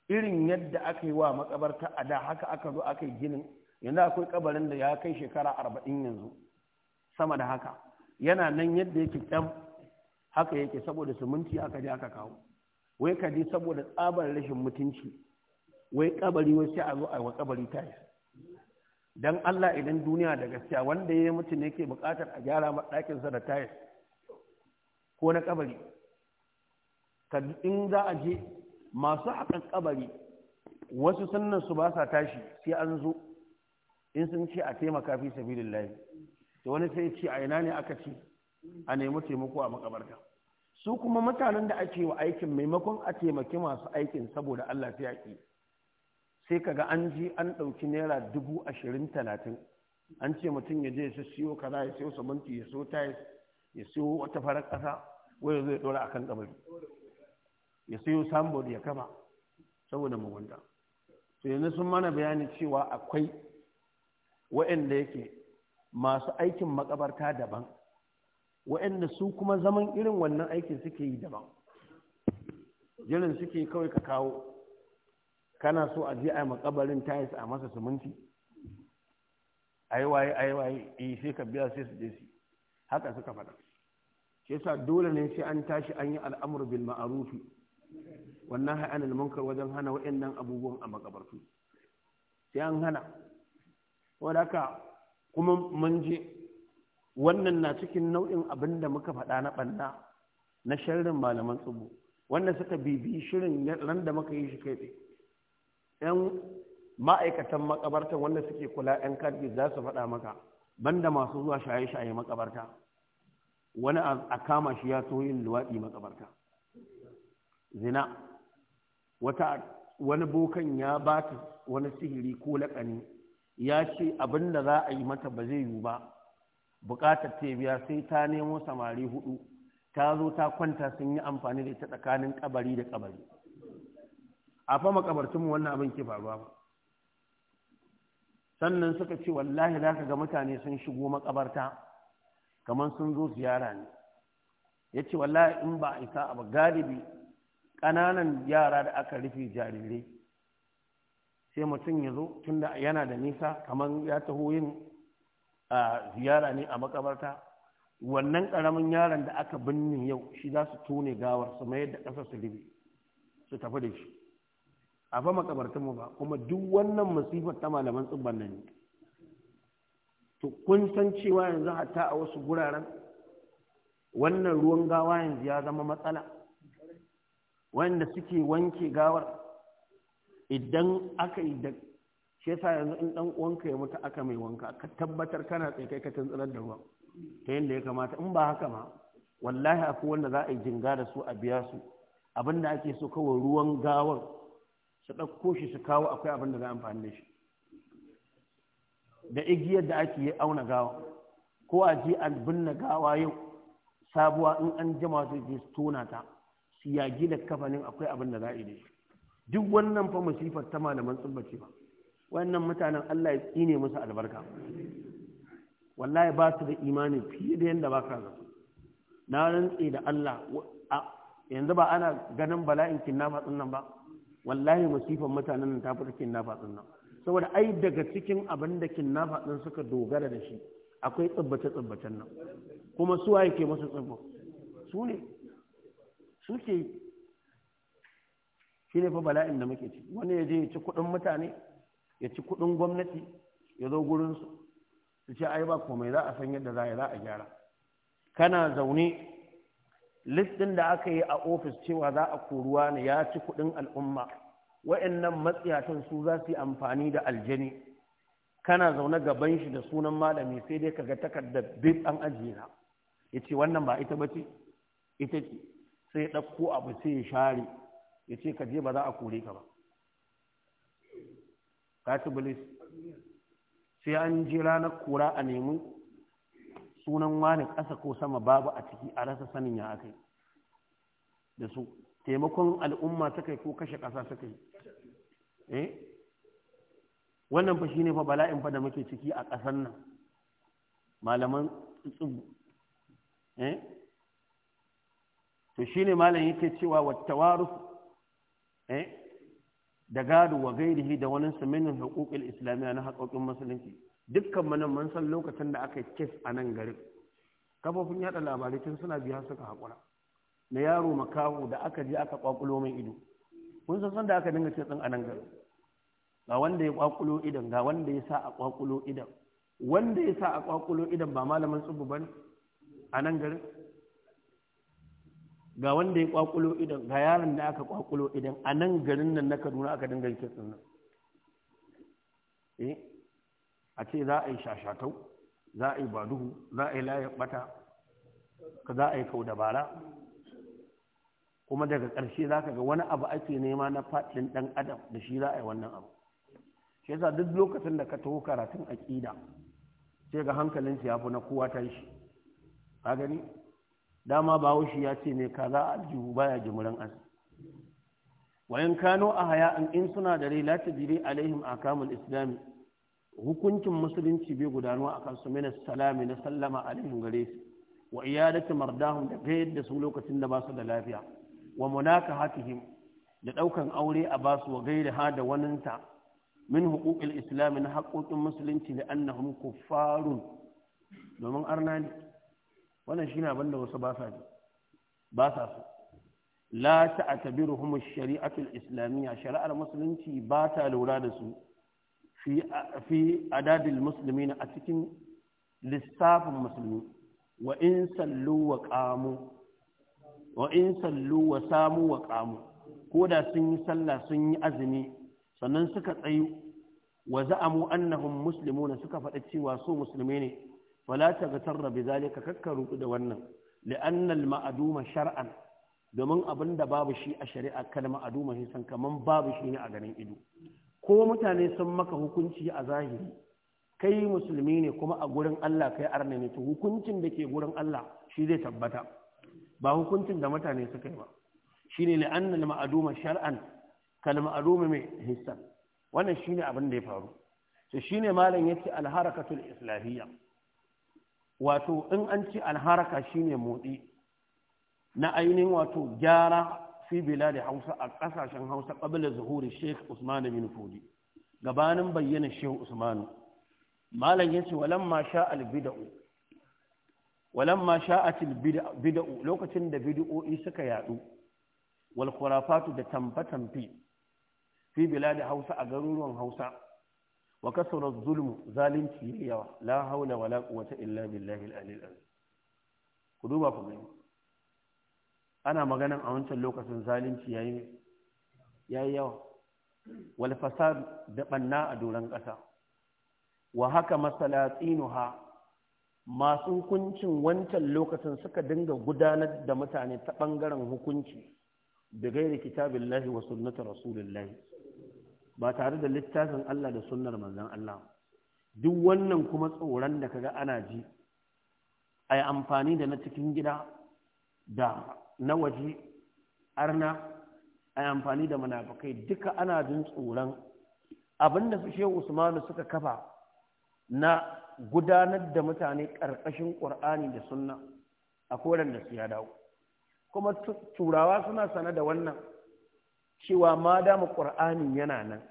irin yadda aka yi wa makabarta a da haka aka zo aka yi ginin yanzu akwai kabarin da ya kai shekara arba'in yanzu sama da haka yana nan yadda yake ɗan. haka yake saboda suminti aka ji aka kawo wai ka ji saboda tsabar rashin mutunci wai kabari wai sai a zo a wa kabari yi don Allah idan duniya da gaskiya wanda ya mutu ne yake bukatar a gyara ɗakin da ta ko na kabari ka in za a je masu haƙan kabari wasu sannan su ba sa tashi sai an zo in sun ce a taimaka fi layi to wani sai ce a ina ne aka ce a nemi taimako a makabarta su kuma mutanen da ake wa aikin maimakon a taimaki masu aikin saboda Allah sai yaƙi sai kaga an ji an ɗauki naira dubu ashirin talatin an ce mutum ya je ya siyo kaza ya siyo sabanti ya siyo tayis ya siyo wata farar ƙasa wai zai ɗora akan kabari ya siyo sambod ya kama saboda mugunta to yanzu sun mana bayani cewa akwai waɗanda yake masu aikin makabarta daban wa'anda su kuma zaman irin wannan aikin suke yi daban jirin suke kawai ka kawo kana so a je a makabarin tayis a masa siminti aiwaye aiwaye eh sai ka biya sai su je su haka suka faɗa shi yasa dole ne sai an tashi an yi al'amur bil ma'arufi wannan ha'anil munkar wajen hana wa'annan abubuwan a makabartu sai an hana wadaka kuma mun je wannan na cikin nau'in abin da muka faɗa na ɓanna na shirin malaman tsubu wanda suka bibi shirin ran da muka yi shi kai tsaye yan ma'aikatan makabarta wanda suke kula yan karfi za su faɗa maka banda masu zuwa shaye-shaye makabarta wani a kama shi ya so yin luwaɗi makabarta zina wani bokan ya ba wani sihiri ko laƙani ya ce abin da za a yi mata ba zai yiwu ba buƙatar ta biya sai ta nemo samari hudu ta zo ta kwanta sun yi amfani da ita tsakanin kabari da kabari a fa makabartunmu wannan abin ke faruwa ba sannan suka ce wallahi za ka ga mutane sun shigo makabarta kamar sun zo ziyara ne ya ce wallahi in ba a isa a galibi ƙananan yara da aka rufe jarirai sai mutum ya zo tunda yana da nisa kamar ya taho yin a ziyara ne a makabarta wannan ƙaramin yaron da aka binne yau shi za su tone gawar su mayar da ƙasar su libi su tafi da shi a fa makabartun mu ba kuma duk wannan masifar ta malaman tsibban nan ne to kun san cewa yanzu hatta a wasu guraren wannan ruwan gawa yanzu ya zama matsala wanda suke wanke gawar idan aka yi da shi yasa yanzu in dan uwanka ya mutu aka mai wanka ka tabbatar kana tsaye kai ka tantsirar da ruwa. ta yadda ya kamata in ba haka ma wallahi akwai wanda za a yi jinga da su a biya su abin da ake so kawai ruwan gawar su ɗauko shi su kawo akwai abin da za a amfani da shi da igiyar da ake yi auna gawa ko a je a binne gawa yau sabuwa in an jama su je tona ta su yagi da kafanin akwai abin da za a yi da shi duk wannan fa masifar ta malaman tsubbaci ba wannan mutanen Allah ya tsine musu albarka wallahi ba su da imani fiye da yadda ba ka zato na rantse da Allah yanzu ba ana ganin bala'in kinnafa nan ba wallahi musifan mutanen nan ta fita kinnafa nan saboda ai daga cikin abinda da kinnafa din suka dogara da shi akwai tsibbace tsibbacen nan kuma su waye ke musu tsibbo su ne su ke shi ne fa bala'in da muke ci wani ya je ya ci kuɗin mutane ya ci kuɗin gwamnati ya zo gurinsu su ce ai ba komai za a san yadda za a za a gyara kana zaune listin da aka yi a ofis cewa za a koruwa ne ya ci kuɗin al'umma wa'annan matsiyatan su za su yi amfani da aljani kana zaune gaban shi da sunan malami sai dai kaga takardar bib an ajiye ya ce wannan ba ita ce? ita ce sai ya ɗauko abu sai ya share ya ce ka je ba za a kore ka ba ta bilis sai an ji ranar kura a nemi sunan wani ƙasa ko sama babu a ciki a rasa sanin ya aka da su taimakon al'umma ta kai ko kashe ƙasa ta kai eh wannan fa shine fa bala'in fa da muke ciki a ƙasar nan malaman tsubu eh to shine malam yake cewa wattawarus eh da gado wa gairihi da wani suminin hukukul islamiyya na haƙoƙin musulunci dukkan manan mun san lokacin da aka yi a nan garin kafofin yada labarai tun suna biya suka haƙura na yaro makaho da aka je aka kwakulo mai ido kun san san da aka dinga ce tsin a nan garin ga wanda ya kwakulo idan ga wanda ya sa a kwakulo idan wanda ya sa a kwakulo idan ba malamin tsubu bane a nan garin ga wanda ya kwakulo idan ga yaron da aka kwakulo idan a nan garin nan na kaduna aka dinga yake tsinna eh a ce za a yi shashatau za a yi baduhu za a yi layin bata ka za a yi kau dabara kuma daga ƙarshe za ka ga wani abu ake nema na faɗin ɗan adam da shi za a yi wannan abu shi yasa duk lokacin da ka taho karatun aƙida sai ga hankalin ya fi na kowa ta shi ka gani dama wushi ya ce ne kaza aljihu baya jimuran an wayan kano a haya an in suna da rai lati jiri alaihim akamul islami hukuncin musulunci bai gudanu a kansu mina salami na sallama alaihim gare su wa iyadatu mardahum da gayar da su lokacin da ba su da lafiya wa munaka hatihim da daukan aure a basu wa gaida ha da waninta min huquqil islami na haƙoƙin musulunci da annahum kuffarun domin arna ne wannan shine ban da wasu ba sa su. ba sa so la ta'tabiruhum ash islamiyya shari'ar musulunci ba ta lura da su fi fi adadil a cikin lissafin musulmi wa in sallu wa samu wa qamu ko da sun yi sallah sun yi azumi sannan suka tsayu wa za'amu annahum muslimuna suka faɗa cewa su musulmi ne wala taghtarra bi ka kakkaru da wannan li'anna al-ma'duma shar'an domin abin da babu shi a shari'a kalma aduma shi san kaman babu shi ne a ganin ido ko mutane sun maka hukunci a zahiri kai musulmi ne kuma a gurin Allah kai arna ne to hukuncin da ke gurin Allah shi zai tabbata ba hukuncin da mutane suka yi ba shine li'anna al-ma'duma shar'an kal ma'duma mai hissan wannan shine abin da ya faru to shine malam yace al-harakatul islahiyya wato in an ce alharaka shine motsi na ainihin wato gyara fi bila da hausa a ƙasashen hausa ƙabila zuhuri sheikh usman bin fudi gabanin bayyana shehu usman malam yace ce sha albida'u sha sha'at bida'u lokacin da bid'o'i suka yadu wal khurafatu da tambatamfi fi bila da hausa a garuruwan hausa wa kasara zulmu zalunci yayi yawa la haula wala quwwata illa billahi al ku duba ku gani ana maganan a wancan lokacin zalunci ya yi yawa wal fasad da banna a doron ƙasa. wa haka masalatinuha masu hukuncin wancan lokacin suka dinga gudanar da mutane ta ɓangaren hukunci da gairi kitabillahi wa sunnati rasulillahi ba tare da littafin Allah da sunnar manzon Allah duk wannan kuma tsoron da kaga ana ji Ai amfani da na cikin gida da na waje arna ai amfani da munafukai duka ana jin tsoron abinda su shehu usmanu suka kafa na gudanar da mutane ƙarƙashin ƙur'ani da sunna a koren da su ya dawo kuma turawa suna sane da wannan cewa ma dama ƙur'anin yana nan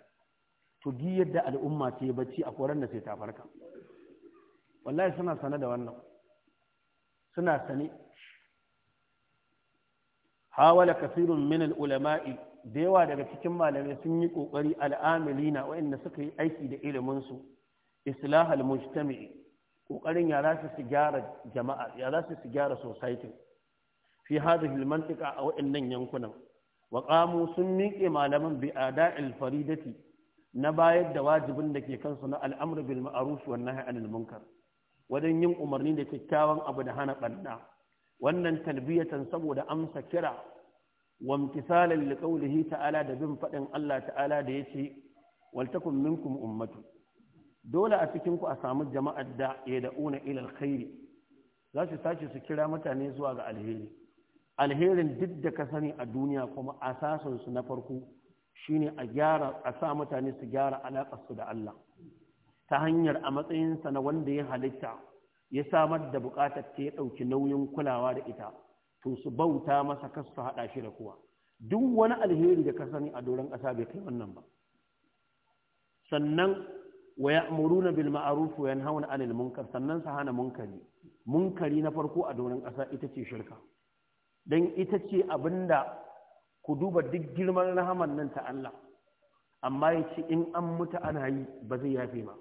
to gi yadda al'umma ce bacci a koran da sai ta farka wallahi suna sane da wannan suna sane hawala kasirun min ulama'i da yawa daga cikin malamai sun yi ƙoƙari, al'amilina waɗanda suka yi aiki da iliminsu islah al-mujtami'i ƙoƙarin ya za su gyara jama'a ya za gyara society fi hadhihi al-mantiqa a waɗannan yankunan Waƙamu sun miƙe malaman bi ada'il faridati na bayar da wajibin da ke kansu na al'amru bil ma'ruf wan nahy anil munkar wajen yin umarni da kyakkyawan abu da hana ɓanna wannan talbiyatan saboda amsa kira wa imtisalan liqawlihi ta'ala da bin faɗin Allah ta'ala da yace wal takum mu ummatu dole a cikinku a samu jama'ar da ya da'una ila alkhairi za su tashi su kira mutane zuwa ga alheri alherin duk da ka sani a duniya kuma asasinsu na farko shine a gyara a sa mutane su gyara alaƙarsu da Allah ta hanyar a matsayinsa na wanda ya halitta ya samar da buƙatar ta ya ɗauki nauyin kulawa da ita to su bauta masa su haɗa shi da kuwa duk wani alheri da ka sani a doron ƙasa bai kai wannan ba sannan wa ya'muruna bil ma'ruf wa yanhauna 'anil munkar sannan su hana munkari munkari na farko a doron ƙasa ita ce shirka don ita ce abinda ku duba duk girman rahaman nan ta Allah amma ya ce in an mutu ana yi ba zai yafe ba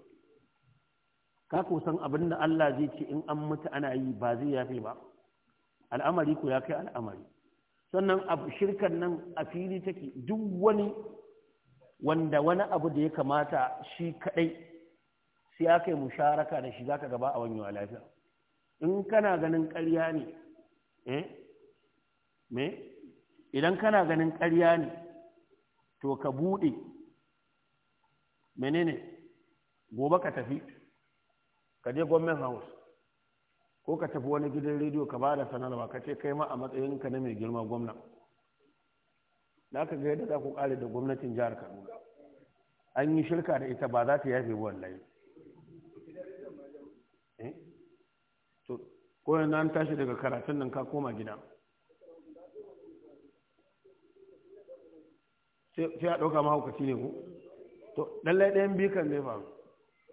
ka ku san abinda Allah zai ce in an mutu ana yi ba zai yafe ba al'amari ku ya kai al'amari sannan abu shirkan nan a fili take duk wani wanda wani abu da ya kamata shi kadai sai aka yi musharaka da shi zaka gaba a wani lafiya in kana ganin ƙarya ne eh me idan kana ganin ƙarya ne to ka buɗe menene gobe ka tafi ka je gwamnan house ko ka tafi wani gidan rediyo ka ba da sanarwa ka ce kai ma a matsayinka na mai girma gwamna da aka ga yadda za ku ƙare da gwamnatin jihar kaduna an yi shirka da ita ba za ta yafe wallahi eh? ko yanzu an tashi daga karatun nan ka koma gida sai a ɗauka mahaukaci ne ku to lallai ɗayan bikan ne ba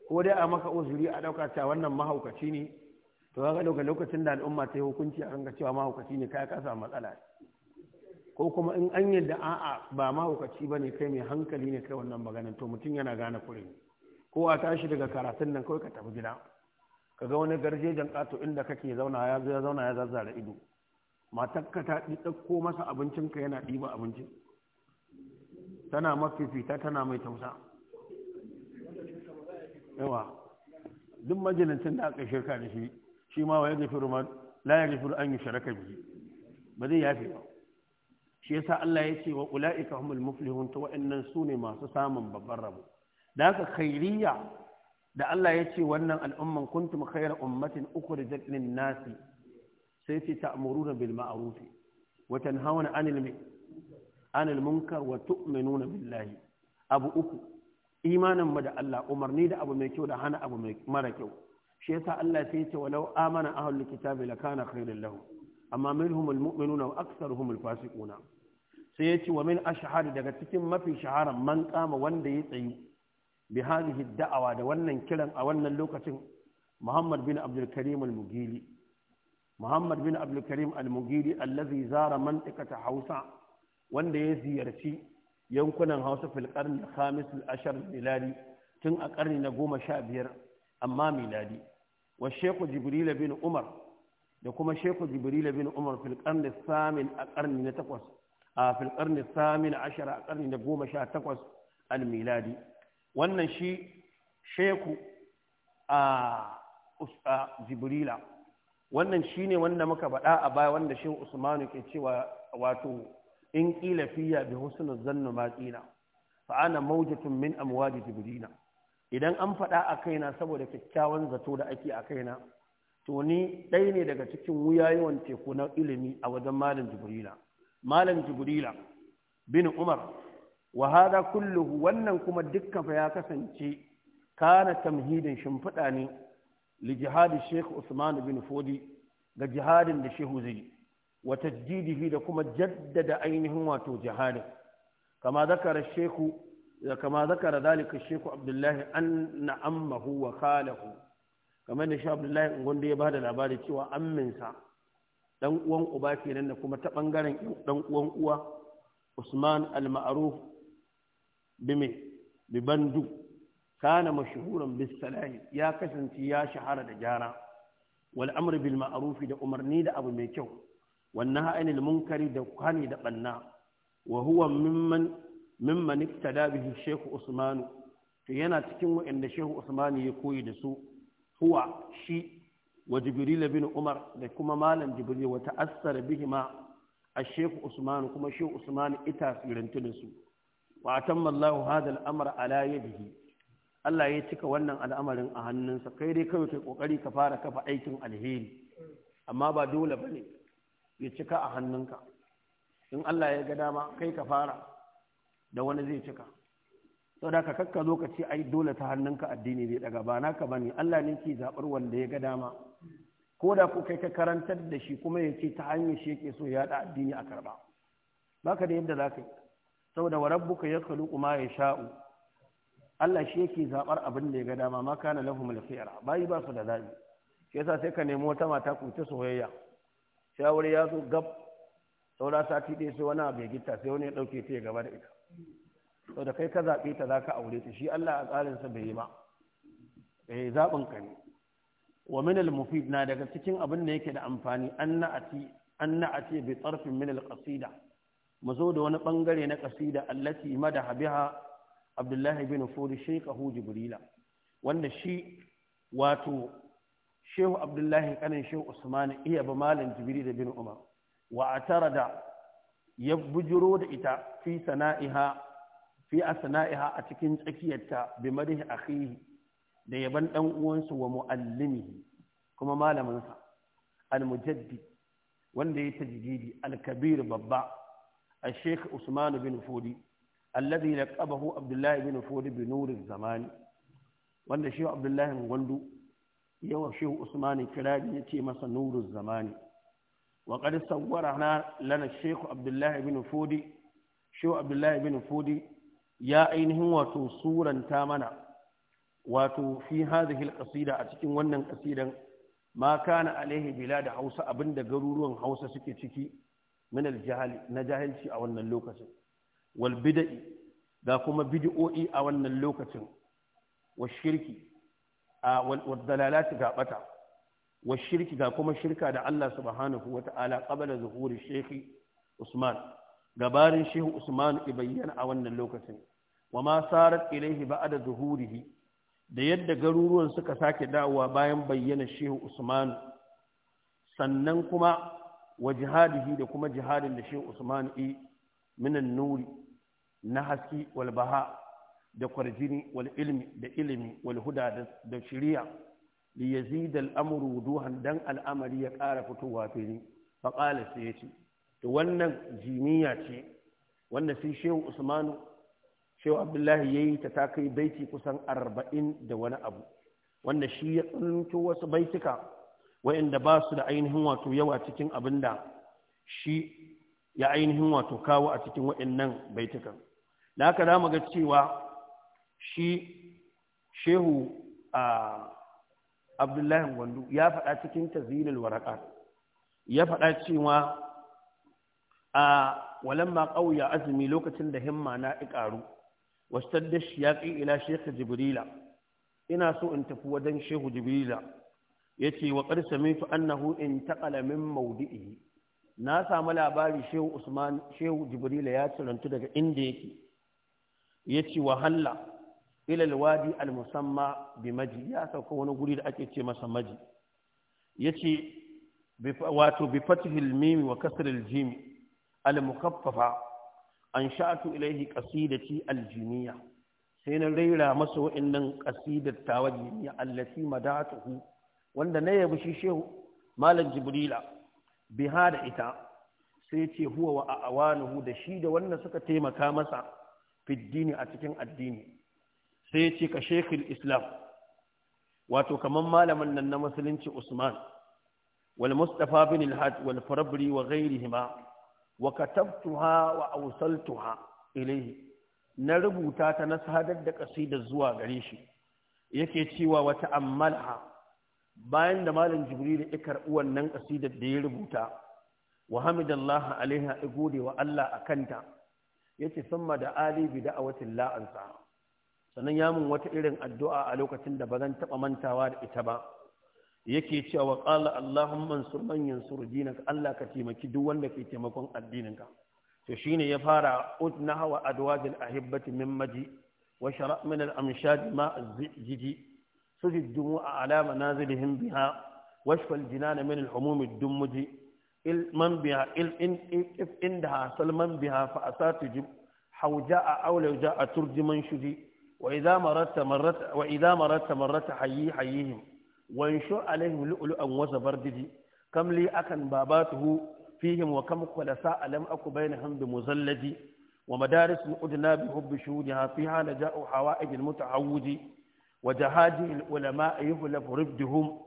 ko dai a maka uzuri a ɗauka cewa wannan mahaukaci ne to ka ɗauka lokacin da al'umma ta yi hukunci a ranga cewa mahaukaci ne kai ka samu matsala ko kuma in an yi da a'a ba mahaukaci ba ne kai mai hankali ne kai wannan maganin to mutum yana gane kuri ko a tashi daga karatun nan kawai ka tafi gida ka ga wani garjejen ƙato inda kake zauna ya zauna ya zazzara ido matakka ta ɗauko masa abincinka yana ɗiba abincin tana mafifita tana mai tausa yawa duk majalisun da aka shirka da shi shi ma wa ya gafi rumar la ya an yi sharaka biyu ba zai yafe ba shi yasa Allah ya ce wa ula'ika humul muflihun ta wa'annan su ne masu samun babban rabo da haka khairiyya da Allah ya ce wannan al'umman kuntum khayra ummatin da lin nasi sai ce ta'muruna bil ma'ruf wa tanhauna 'anil anil munkar wa tu'minuna billahi abu uku imanin mu da Allah umarni da abu mai kyau da hana abu mara kyau shi yasa Allah sai ya ce walau amana ahlul kitabi lakana khairul lahum amma minhumul mu'minuna wa aktsaruhumul fasiquna sai ya ce wa min ashhari daga cikin mafi shaharan man kama wanda ya tsayi bi hadhihi da'awa da wannan kiran a wannan lokacin Muhammad bin Abdul Karim al-Mugili Muhammad bin Abdul Karim al-Mugili allazi zara mantiqata Hausa wanda ya ziyarci yankunan hausa filkar na khamisul ashar miladi tun a ƙarni na goma sha biyar amma miladi wa sheku jibrila bin umar da kuma sheku jibrila bin umar filkar na samin a ƙarni na takwas a filkar na samin ashar a ƙarni na goma sha takwas al miladi wannan shi sheku a jibrila wannan shine wanda muka faɗa a baya wanda shehu usmanu ke cewa wato in ƙila fiya bi husna zannu ma qila fa ana mawjatun min amwaji jibrina idan an faɗa a kaina saboda kyakkyawan zato da ake a kaina to ni ɗaya ne daga cikin wuyayewan teku na ilimi a wajen malam jibrila malam jibrila bin umar wa hada kulluhu wannan kuma dukkan fa ya kasance kana tamhidin shimfiɗa ne li jihadi sheikh usman bin fodi ga jihadin da shehu zai wa tajdidihi da kuma jaddada ainihin wato jihadin kama zakara sheku kama zakara zalika sheku abdullahi anna wa khalahu kamar da shi abdullahi gonda ya bada labari cewa amminsa dan uwan uba kenan da kuma ta bangaren dan uwan uwa usman al bibandu kana mashhuran bis salahi ya kasance ya shahara da gyara wal amr da umarni da abu mai kyau wannan ha'inil munkari da kwani da banna wa huwa mimman mimman iktada shehu usmanu to yana cikin wa'anda shehu usmanu ya koyi da su huwa shi wa jibril bin umar da kuma malam jibril wa ta'assara bihima الشيخ عثمان كما شيخ عثمان إتا سيرنتنسو وأتم الله هذا الأمر على يده Allah ya cika wannan al'amarin a hannunsa kai dai kawai kai kokari ka fara kafa aikin alheri amma ba dole bane ya cika a hannunka in Allah ya ga dama kai ka fara da wani zai cika sau da ka kakka zo ka ai dole ta hannunka addini zai daga ba ka bane Allah ne ke zaɓar wanda ya ga dama ko da ku kai ka karantar da shi kuma ya ce ta hanyar shi yake so ya da addini a karɓa ka da yadda za ka yi Sau da wa buka ya kalu kuma ya sha'u Allah shi yake zaɓar abin da ya ga dama ma kana lafi al bayi ba su da zabi yasa sai ka nemo wata mata ku ta soyayya shawar ya zo gab saura sati ɗaya sai wani abu ya gita sai wani ya ɗauke ta ya gaba da ita sau da kai ka zaɓe ta za ka aure ta shi Allah a tsarinsa bai yi ba eh zaɓin ka ne wa min al mufid na daga cikin abin da yake da amfani an na'ati an bi tsarfin min al qasida mu zo da wani bangare na qasida allati madaha biha Abdullahi bin Furi shekahu Jibrila wanda shi wato shehu abdullahi kanin shehu usman iya ba malin jibiri da bin umar wa tara da ya bujiro da ita fi sana'iha fi asna'iha a cikin tsakiyarta bi madhi akhihi da yaban dan uwansu wa muallimihi kuma malaminsa almujaddid al wanda ya tajdidi al-kabir babba al-sheikh usman bin fudi alladhi laqabahu abdullahi bin fudi bi nur az wanda shehu abdullahi gwandu yawa shehu usmani kirari ya ce masa nuruz zamani wa qad na lana sheikh abdullahi bin fudi shehu abdullahi bin fudi ya ainihin wato suranta mana wato fi hadhihi alqasida a cikin wannan kasidan ma kana alaihi da hausa abinda garuruwan hausa suke ciki min aljahali na jahilci a wannan lokacin wal bidai da kuma bid'o'i a wannan lokacin wa shirki والضلالات ga bata shirki ga kuma shirka da Allah subhanahu wata'ala qabla zuhuri Sheikh Usman gabarin Shehu Usman ibayyana a wannan lokacin ma sarat ilaihi ba'da zuhurihi da yadda garuruwan suka sake dawowa bayan bayyana Shehu Usman sannan kuma wa jihadihi da kuma jihadin da Sheikh Usman yi minan nuri na haski wal baha da kwarjini wal ilmi da ilimi wal huda da shiriya li yazid al amru duhan dan Al-Amri ya ƙara fitowa fili fa qala sai yace to wannan jiniya ce wanda sai shehu usmanu shehu abdullahi yayi ta ta kai baiti kusan 40 da wani abu wanda shi ya tsunto wasu baitika wa'anda ba su da ainihin wato yawa cikin abinda shi ya ainihin wato kawo a cikin wa'annan baitukan da haka za mu ga cewa shi shehu a abdullahi gwandu ya faɗa cikin tazilil waraka ya faɗa cewa a walamma ƙauya azumi lokacin da himma na ƙaru wastar da shi ya ƙi ila shekha jibrila ina so in tafi wajen shehu jibrila ya ce wa ƙarsami fi annahu in taƙala min maudi'i na samu labari shehu usman shehu jibrila ya cirantu daga inda yake ya ce wahalla ilal wadi al musamma bi maji ya sauka wani guri da ake ce masa maji yace wato bi fathil mim wa kasril jim al mukaffafa ansha'tu ilayhi qasidati al jiniya sai na raira masa wa'annan qasidar tawajiniya allati madatuhu wanda na yabi shi shehu malam jibrila biha da ita sai ce huwa wa awanuhu da shi da wannan suka taimaka masa fiddini a cikin addini sai ya ce ka shekul islam wato kamar malamin nan na musulunci usman wal bin al walfarabri wal farabri wa wa katabtuha wa awsaltuha ilayhi na rubuta ta na sadar da kasidar zuwa gare shi yake cewa wata ammalha bayan da malam jibril ya karɓi wannan kasidar da ya rubuta wa hamidallahu alaiha igode wa Allah akanta yake samma da ali bi da'awatin la'ansa sannan ya mun wata irin addu'a a lokacin da ba zan taɓa mantawa da ita ba yake cewa qala allahumma ansur man yansur dinaka allah ka taimaki duk wanda ke taimakon addininka to shine ya fara utna hawa adwajil ahibbati min maji wa shara' min al amshad ma azjiji sujid dumu'a ala manazilihim biha washfal jinana min al humum dumuji il man biha il in if indaha man biha fa asatujib hawja'a aw lawja'a turjiman shudi وإذا مرت مرت وإذا مرت مرت حيي حيهم وانشر عليهم لؤلؤا وزبردي كم لي أكن باباته فيهم وكم خلساء لم أكن بينهم بمزلدي ومدارس أدنى بحب شهودها فيها نجاء حوائج المتعودي وجهاد العلماء يغلب ربدهم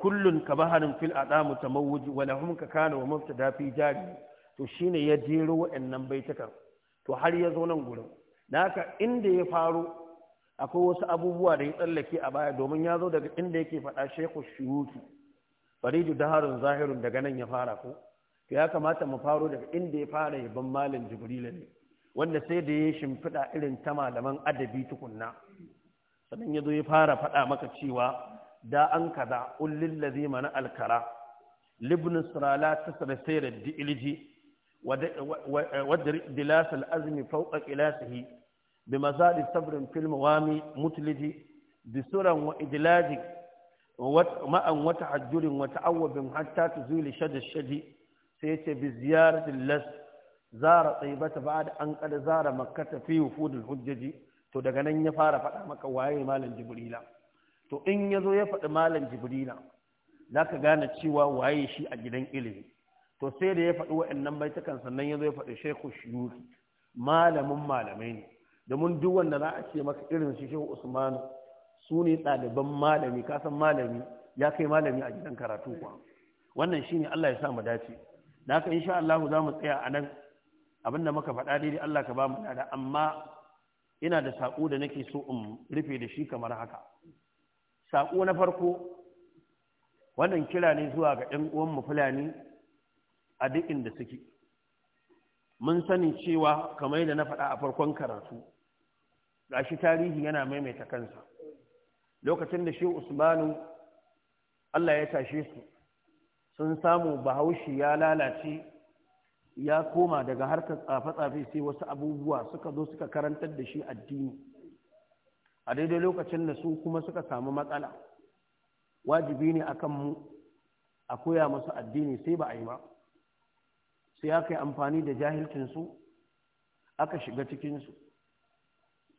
كل كبهر في الأعدام تموج ولهم ككان ومبتدا في جاري تشين shine ya jero wa'annan baitukan to da haka inda ya faru akwai wasu abubuwa da ya tsallake a baya domin ya zo daga inda yake faɗa shekhu shuyuki faridu daharun zahirun daga nan ya fara ko to ya kamata mu faro daga inda ya fara ya ban malam jibrila ne wanda sai da ya shimfiɗa irin ta malaman adabi tukunna sannan ya zo ya fara faɗa maka cewa da an kaza ullil ladhi mana alkara libn sirala tasra sayr diliji wa dilas alazmi fawqa qilasihi bi mazadi sabrin fil mawami mutliji bi suran wa idlaji ma'an wata hajjurin wata awwabin hatta tuzuli shadi shadi sai yace bi ziyaratin las zara tsaibata ba da an kada zara makkata fi wufudul hujjaji to daga nan ya fara faɗa maka waye malam jibrila to in ya zo ya faɗi malam jibrila za ka gane cewa waye shi a gidan ilimi to sai da ya faɗi wa'annan baitukan sannan ya zo ya faɗi shekhu shiyuki malamin malamai ne Da mun duk wanda za a ce maka irin shi shehu usman su ne ɗaliban malami kasan malami ya kai malami a gidan karatu kuwa wannan ne Allah ya sa mu dace da haka insha Allah za mu tsaya a nan abinda muka faɗa daidai Allah ka ba mu dada amma ina da saƙo da nake so in rufe da shi kamar haka saƙo na farko wannan kira ne zuwa ga ɗan uwanmu fulani a duk inda suke mun sani cewa kamar yadda na faɗa a farkon karatu gashi tarihi yana maimaita kansa lokacin da shi usmanu Allah ya tashe su sun samu bahaushe ya lalace ya koma daga harkar tsafe-tsafe sai wasu abubuwa suka zo suka karantar da shi addini a daidai lokacin da su kuma suka samu matsala wajibi ne akan mu a koya masu addini sai ba a yi ba sai aka yi amfani da jahilcinsu aka shiga cikinsu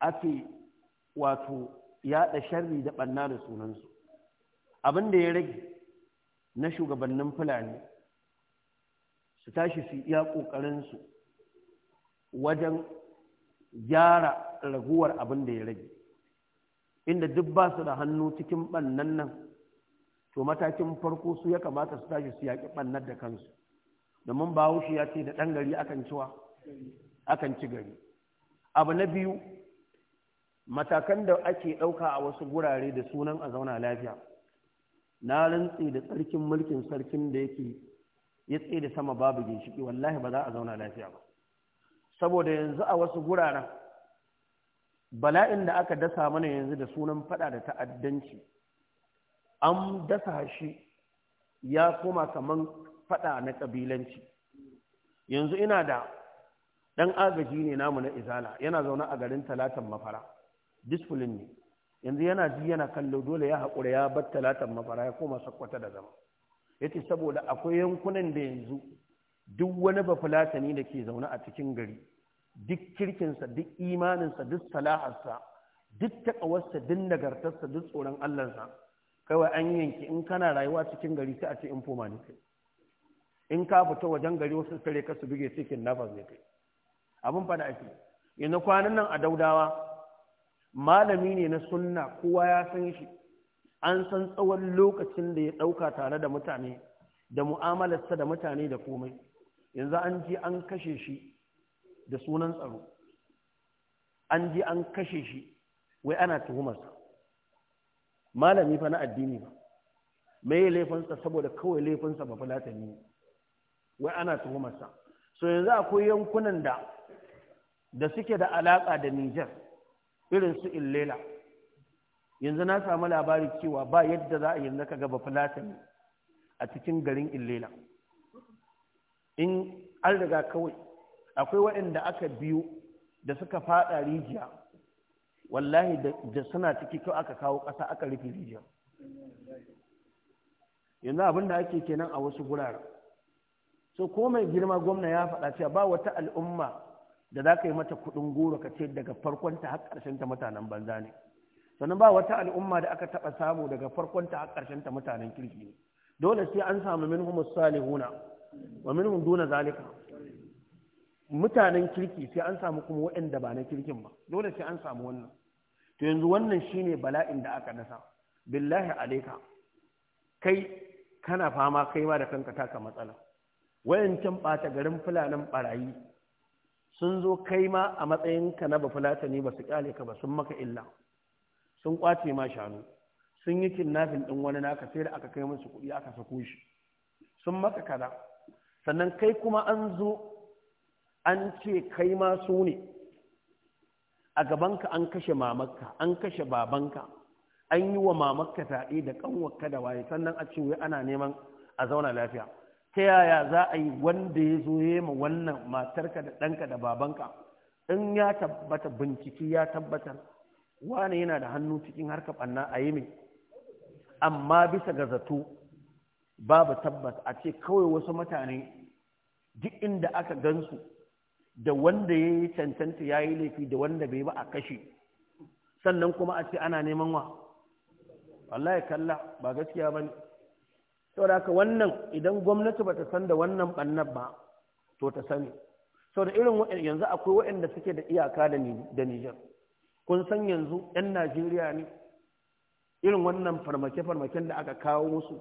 ake wato yaɗa sharri da banna da sunansu abin da ya rage na shugabannin fulani su tashi su iya ƙoƙarinsu wajen gyara raguwar abin da ya rage inda duk ba su da hannu cikin bannan nan to matakin farko su ya kamata su tashi su yaƙi ɓannar da kansu domin bahaushe ya ce da ɗan gari akan ciwa akan ci gari abu na biyu matakan da ake ɗauka a wasu gurare da sunan a zauna lafiya na rantsi da tsarkin mulkin sarkin da yake ya tsaye da sama babu ginshiki wallahi ba za a zauna lafiya ba saboda yanzu a wasu guraren bala'in da aka dasa mana yanzu da sunan fada da ta'addanci an dasa shi ya koma kaman fada na ƙabilanci yanzu ina da ɗan agaji ne namu na izala yana zaune a garin talatan mafara discipline ne yanzu yana ji yana kallo dole ya haƙura ya bar talatan mafara ya koma sakwata da zama ya ce saboda akwai yankunan da yanzu duk wani bafulatani da ke zaune a cikin gari duk kirkinsa duk imaninsa duk salahasa duk taƙawarsa duk nagartarsa duk tsoron allansa kawai an yanki in kana rayuwa cikin gari sai a ce in foma ne kai in ka fita wajen gari wasu kare ka su buge cikin nafas ne kai abin fada ake yanzu kwanan nan a daudawa malami ne na sunna kowa ya san shi an san tsawon lokacin da ya ɗauka tare da mutane da mu'amalarsa da mutane da komai yanzu an ji an kashe shi da sunan tsaro an ji an kashe shi wai ana tuhumarsa malami fa na addini ba mai laifinsa saboda kawai laifinsa ba fulatani wai ana tuhumarsa so yanzu akwai yankunan da da suke da alaƙa da Nijar irin su illela yanzu na samu labari cewa ba yadda za a yi naka gaba filatin a cikin garin illela in an riga kawai akwai waɗanda aka biyu da suka fada rijiya wallahi da suna ciki kyau aka kawo ƙasa aka rufe rijiya yanzu abin da ake kenan a wasu guraren so ko mai girma gwamna ya faɗa cewa ba wata al'umma da za ka yi mata kuɗin goro ka ce daga farkonta har ta mutanen banza ne sannan ba wata al'umma da aka taɓa samu daga farkonta har ta mutanen kirki ne dole sai an samu min minhum salihuna wa min minhum duna zalika mutanen kirki sai an samu kuma waɗanda ba na kirkin ba dole sai an samu wannan to yanzu wannan shine bala'in da aka dasa billahi alaika kai kana fama kai ma da kanka taka matsala wayancan ɓata garin fulanan barayi sun zo kai ma a matsayinka na ne ba su kyale ka ba sun maka illa sun kwace ma shanu sun yi kinnafin ɗin wani naka sai da aka kai musu kuɗi aka sako shi sun maka kaza sannan kai kuma an zo an ce kai ma su ne a gabanka an kashe mamakka an kashe babanka an yi wa mamakka fyaɗe da kanwarka da waye sannan a ce wai ana neman a zauna lafiya ta yaya za a yi wanda ya zo ya ma wannan matarka da ɗanka da babanka in ya tabbata binciki ya tabbatar wane yana da hannu cikin harka ɓanna a yi mai amma bisa ga zato babu tabbas a ce kawai wasu mutane duk inda aka gansu da wanda ya yi cancanta ya yi laifi da wanda bai ba a kashe sannan kuma a ce ana neman wa wallahi kalla ba gaskiya ba ne da aka wannan idan gwamnati bata san da wannan bannan ba to ta sani Sau da irin yanzu akwai waɗanda suke da iyaka da Nijar kun san yanzu 'yan Najeriya ne irin wannan farmake-farmaken da aka kawo musu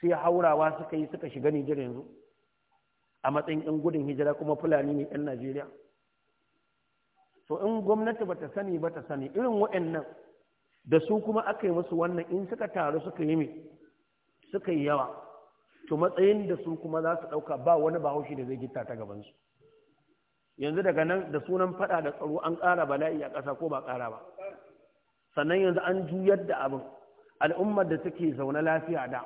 sai haurawa suka yi suka shiga Nijar yanzu a matsayin 'yan gudun hijira kuma Fulani ne 'yan Najeriya so in gwamnati ba ta sani ba ta sani irin waɗannan da su kuma aka yi musu wannan in suka taru suka yi mai suka yi yawa to matsayin da su kuma za su ɗauka ba wani bahaushe da zai gita ta gabansu yanzu daga nan da sunan faɗa da tsaro an ƙara bala'i a ƙasa ko ba ƙara ba sannan yanzu an juyar da abin al'ummar da take zaune lafiya da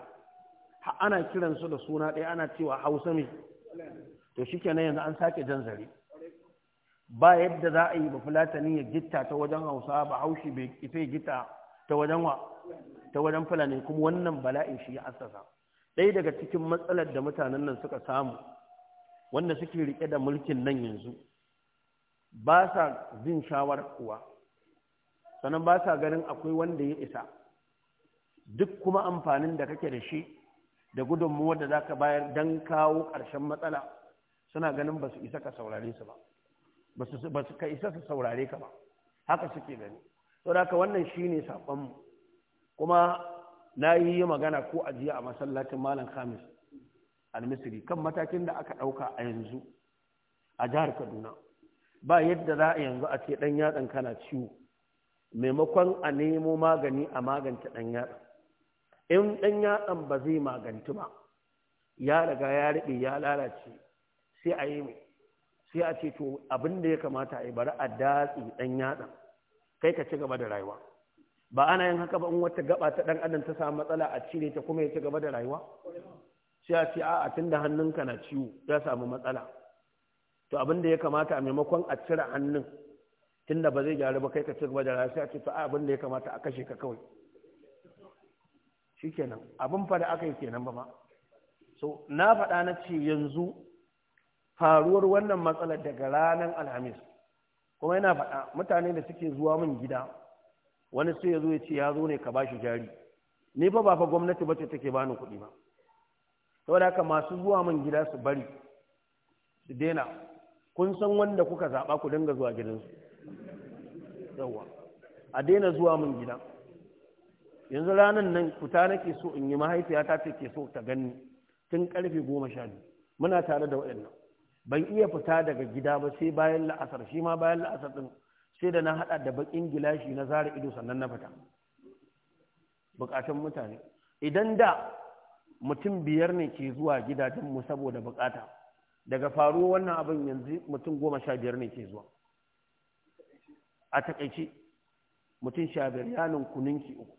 ana kiransu da suna ɗaya ana cewa hausa ne to shi kenan yanzu an sake jan zare ba yadda za a yi ba fulatani ya gitta ta wajen hausa ba haushi bai ita ya gitta ta wajen wa ta wajen fulani kuma wannan bala'in shi ya asasa. ɗaya daga cikin matsalar da mutanen nan suka samu wanda suke rike da mulkin nan yanzu ba sa jin shawar kuwa sannan ba sa ganin akwai wanda ya isa duk kuma amfanin da kake da shi da gudummawar da za ka bayar don kawo ƙarshen matsala suna ganin ba su isa ka saurare su ba ba su ka isa su saurare ka ba haka suke gani saboda haka wannan shine saƙonmu kuma na yi magana ko a jiya a masallacin malam khamis almisiri kan matakin da aka ɗauka a yanzu a jihar kaduna ba yadda za a yanzu a ce ɗan yatsan kana ciwo maimakon a nemo magani a magance ɗan yatsan in ɗan yatsan ba zai maganci ba ya riga ya riɓe ya lalace sai a yi sai a ce to abin da ya kamata a yi bari a datsi ɗan yatsan kai ka ci gaba da rayuwa ba ana yin haka ba in wata gaba ta dan adam ta samu matsala a cire ta kuma ya ci gaba da rayuwa sai a ce a'a tunda hannunka na ciwo ya samu matsala to abin da ya kamata a maimakon a cire hannun tunda ba zai gyaru ba kai ka ci gaba da rayuwa sai a ce to a abin da ya kamata a kashe ka kawai shikenan abin fa da aka yi kenan ba ma so na faɗa na ce yanzu faruwar wannan matsalar daga ranar alhamis kuma yana faɗa mutane da suke zuwa min gida wani sai ya zo ya ce ya zo ne ka ba shi jari ni fa ba fa gwamnati bace take bani kuɗi ba saboda haka masu zuwa min gida su bari su daina kun san wanda kuka zaba ku dinga zuwa gidansu yawa a daina zuwa min gida yanzu ranar nan fita nake so in yi mahaifiyata take so ta gani tun karfe goma sha biyu muna tare da waɗannan ban iya fita daga gida ba sai bayan la'asar shi ma bayan la'asar din sai da na haɗa da baƙin gilashi na zara ido sannan na fita bukatun mutane idan da mutum biyar ne ke zuwa gidajenmu saboda buƙata daga faruwa wannan abin yanzu mutum goma sha biyar ne ke zuwa a takaice mutum sha biyar yanin kuninki uku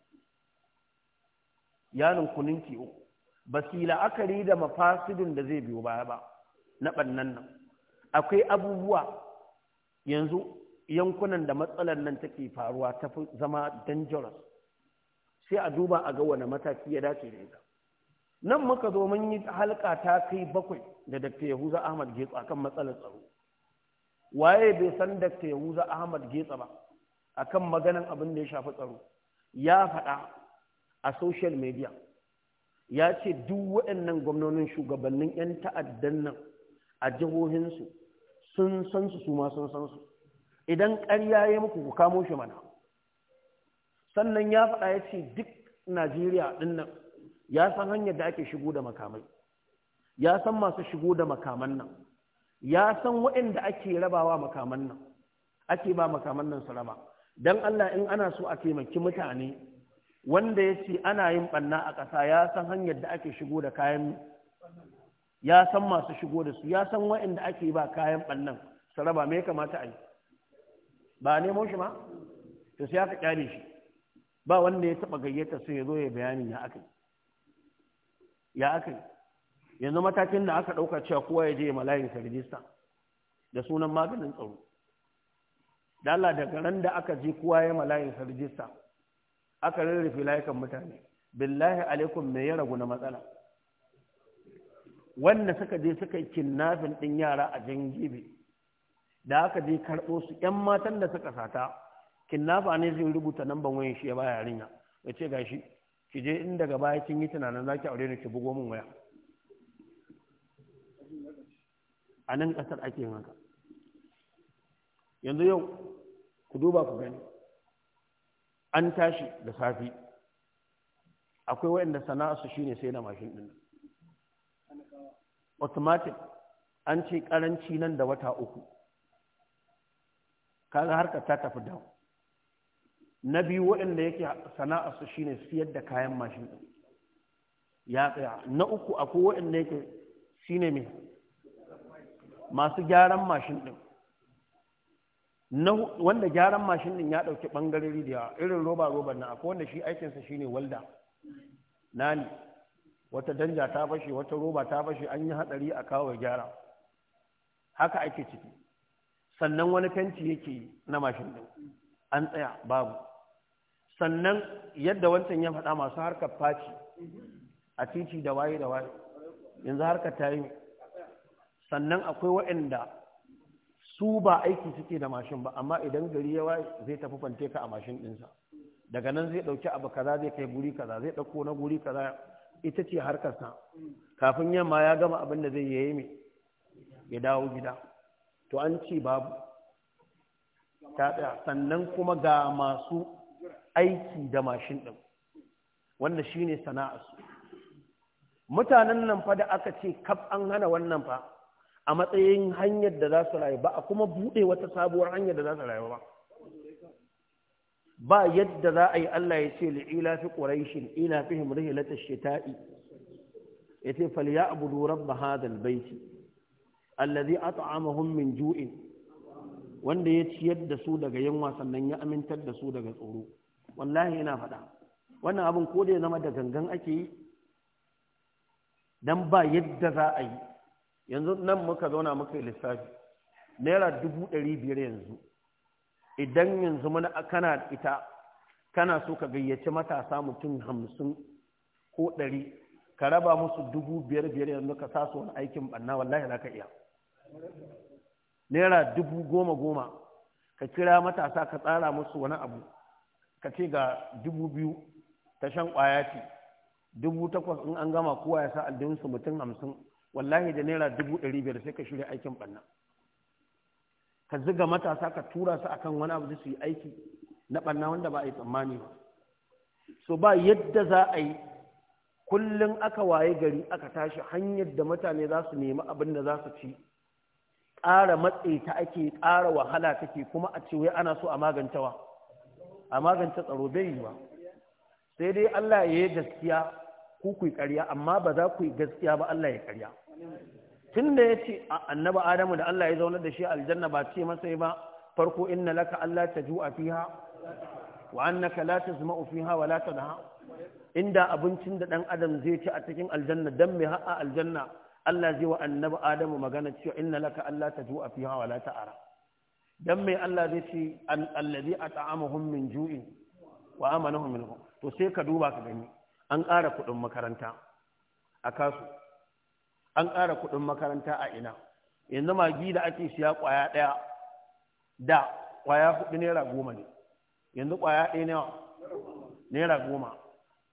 yanin kuninki uku ba su la'akari da mafasidin da zai biyo baya ba na ɓannan nan akwai abubuwa yanzu yankunan da matsalar nan take faruwa ta zama dangerous sai a duba a ga wani mataki ya dace da ita nan muka zo mun yi halka ta kai bakwai da Dr. Yahuza Ahmad Getsa akan matsalar tsaro waye bai san Dr. Yahuza Ahmad Getsa ba akan maganan abin da ya shafi tsaro ya faɗa a social media ya ce duk waɗannan gwamnonin shugabannin 'yan ta'addan nan a jihohinsu sun san su su ma sun san su idan ƙarya ya muku ku kamo shi mana sannan ya faɗa ya ce duk najeriya ɗin nan ya san hanyar da ake shigo da makamai ya san masu shigo da makaman nan ya san waɗanda ake rabawa makaman nan ake ba makaman nan su raba don allah in ana so a taimaki mutane wanda ya ce ana yin ɓanna a ƙasa ya san hanyar da ake shigo da kayan ya san masu shigo da su ya san waɗanda ake ba kayan ɓannan su raba me kamata a yi ba nemo shi ma to sai aka kyale shi ba wanda ya taba gayyata sai ya zo ya bayani ya aka ya aka yanzu matakin da aka dauka cewa kowa ya je malayin sa rijista da sunan maganin tsaro da Allah daga ran da aka je kowa ya malayin sa rijista aka rarrafe layukan mutane billahi alaikum me ya ragu na matsala wanda suka je suka kinnafin din yara a jan da aka je karɓo su ‘yan matan da suka sata kinnafa ne zai rubuta namban wayan shi ya ba yarinya ya ce gashi ki je in daga baya kin yi tunanin za ki aure ni ki bugo min waya a nan ƙasar ake yin haka yanzu yau ku duba ku gani an tashi da safi akwai waɗanda sana'arsu shine sai na mashin ɗin automatic an ce ƙaranci nan da wata uku kaga harkar ta tafi dawo na biyu waɗanda yake sana'a su shine siyar da kayan mashin ɗin ya tsaya na uku akwai waɗanda yake shine mai masu gyaran mashin ɗin wanda gyaran mashin ɗin ya ɗauki ɓangarori da yawa irin roba roba na akwai wanda shi aikinsa shine walda nani wata danja ta fashe wata roba ta fashe an yi hatsari a kawo gyara haka ake ciki sannan wani fenti yake na mashin din an tsaya babu sannan yadda wancan ya faɗa masu harkar faci a titi da waye da waye yanzu harkar ta yi sannan akwai waɗanda su ba aiki suke da mashin ba amma idan gari ya waye zai tafi fante ka a mashin ɗinsa daga nan zai ɗauki abu kaza zai kai guri kaza zai ɗauko na guri kaza ita ce harkarsa kafin yamma ya gama abin da zai yi mai ya dawo gida to an ce babu ta tsaya sannan kuma ga masu aiki da mashin ɗin wanda shi ne sana'arsu mutanen nan fa da aka ce kaf an hana wannan fa a matsayin hanyar da za su rayu ba a kuma buɗe wata sabuwar hanyar da za su rayu ba ba yadda za a yi Allah ya ce li'ila fi ƙuraishin ina fihim rihilatar shita'i ya ce fal ya abu rabba hadal baiti allazi at'amahum min ju'in wanda ya ciyar da su daga yunwa sannan ya amintar da su daga tsoro wallahi ina faɗa wannan abin ko da ya zama da gangan ake yi dan ba yadda za a yi yanzu nan muka zauna muka lissafi naira dubu ɗari biyar yanzu idan yanzu mana kana ita kana so ka gayyaci matasa mutum hamsin ko ɗari ka raba musu dubu biyar biyar yanzu ka sa su wani aikin banna wallahi za ka iya naira dubu goma goma ka kira matasa ka tsara musu wani abu ka ce ga dubu biyu ta shan kwaya ce dubu takwas in an gama kowa ya sa aljihunsu mutum hamsin wallahi da naira dubu ɗari biyar sai ka shirya aikin ɓanna ka ziga matasa ka tura su akan wani abu da su yi aiki na ɓanna wanda ba a yi tsammani ba so ba yadda za a yi kullum aka waye gari aka tashi hanyar da mutane za su nemi abin da za su ci ƙara matsi ta ake ƙara wahala take kuma a ce ana so a magantawa. a magance tsaro bai yi ba sai dai Allah ya yi gaskiya ku ku ƙarya amma ba za ku yi gaskiya ba Allah ya ƙarya tun da ya ce annaba Adamu da Allah ya zauna da shi aljanna ba ce masa ba farko inna laka Allah ta ju'a fiha wa annaka la tazma'u fiha wa la tadha inda abincin da dan adam zai ci a cikin aljanna dan me ha'a aljanna Allah zai wa annabi Adamu magana cewa inna laka Allah ta ju'a fiha wa la ta'ara dan mai Allah zai ce allazi at'amahum min ju'in wa amanahum min to sai ka duba ka gani an ƙara kuɗin makaranta a kasu an ƙara kuɗin makaranta a ina yanzu magi da ake siya ƙwaya ɗaya da ƙwaya huɗu naira goma ne yanzu ƙwaya ɗaya nawa naira goma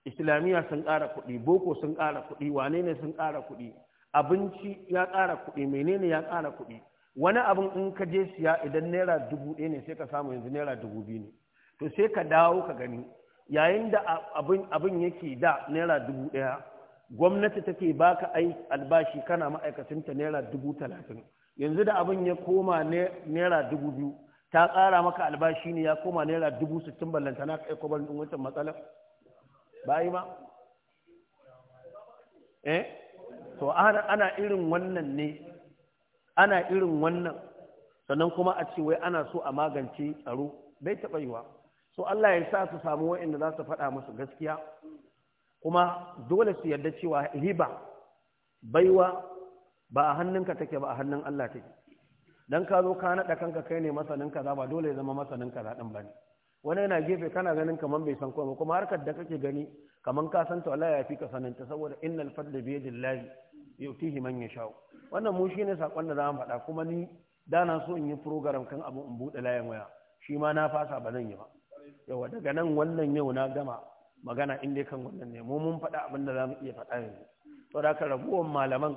islamiyya sun ƙara kuɗi boko sun ƙara kuɗi wane ne sun ƙara kuɗi abinci ya ƙara kuɗi menene ya ƙara kuɗi wani abin in ka je siya idan naira dubu ɗaya ne sai ka samu yanzu naira dubu biyu ne to sai ka dawo ka gani yayin da abin yake da naira dubu ɗaya gwamnati take baka ai albashi kana ma'aikacinta naira dubu talatin yanzu da abin ya koma naira dubu biyu ta ƙara maka albashi ne ya koma naira dubu sittin ballanta na kai kwabar ɗin wancan matsalar bayi ma eh to ana irin wannan ne ana irin wannan sannan kuma a ce wai ana so a magance tsaro bai taɓa yiwa so Allah ya sa su samu wa'inda za su faɗa musu gaskiya kuma dole su yarda cewa riba baiwa ba a hannunka take ba a hannun Allah take dan ka zo ka naɗa kanka kai ne masanin kaza ba dole ya zama masanin kaza ɗin ba ne wani yana gefe kana ganin kaman bai san komai kuma harkar da kake gani kaman ka san to Allah ya fi ka saninta ta saboda innal fadlu bi yadillahi yautihi man sha'u wannan mu shine sakon da zamu faɗa kuma ni da na so in yi program kan abu in bude layin waya shi ma na fasa ba zan yi ba yawa daga nan wannan yau na gama magana in dai kan wannan ne mu mun faɗa abin da zamu iya faɗa yanzu to da ka rabuwan malaman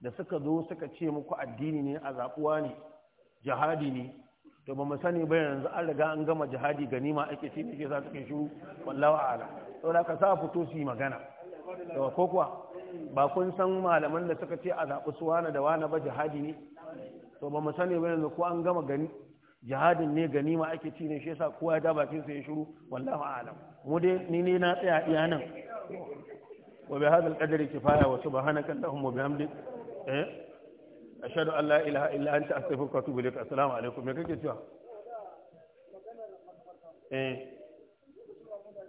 da suka zo suka ce muku addini ne a zabuwa ne jihadi ne to ba mu sani ba yanzu an riga an gama jihadi ganima ake ce ne ke za su kai shiru wallahu a'ala to da ka sa fito su yi magana to ko kuwa ba kun san malaman da suka ce a zaɓi su wane da wane ba jihadi ne to ba mu sani ba yanzu ko an gama gani jihadin ne gani ma ake ci ne shi yasa kowa ya daba sa ya shiru wallahu a'lam mu dai ni ne na tsaya iya nan wa bi hadal qadri kifaya wa subhanaka allahumma bihamdik eh ashhadu an la ilaha illa anta astaghfiruka wa atubu ilaik assalamu alaikum me kake cewa eh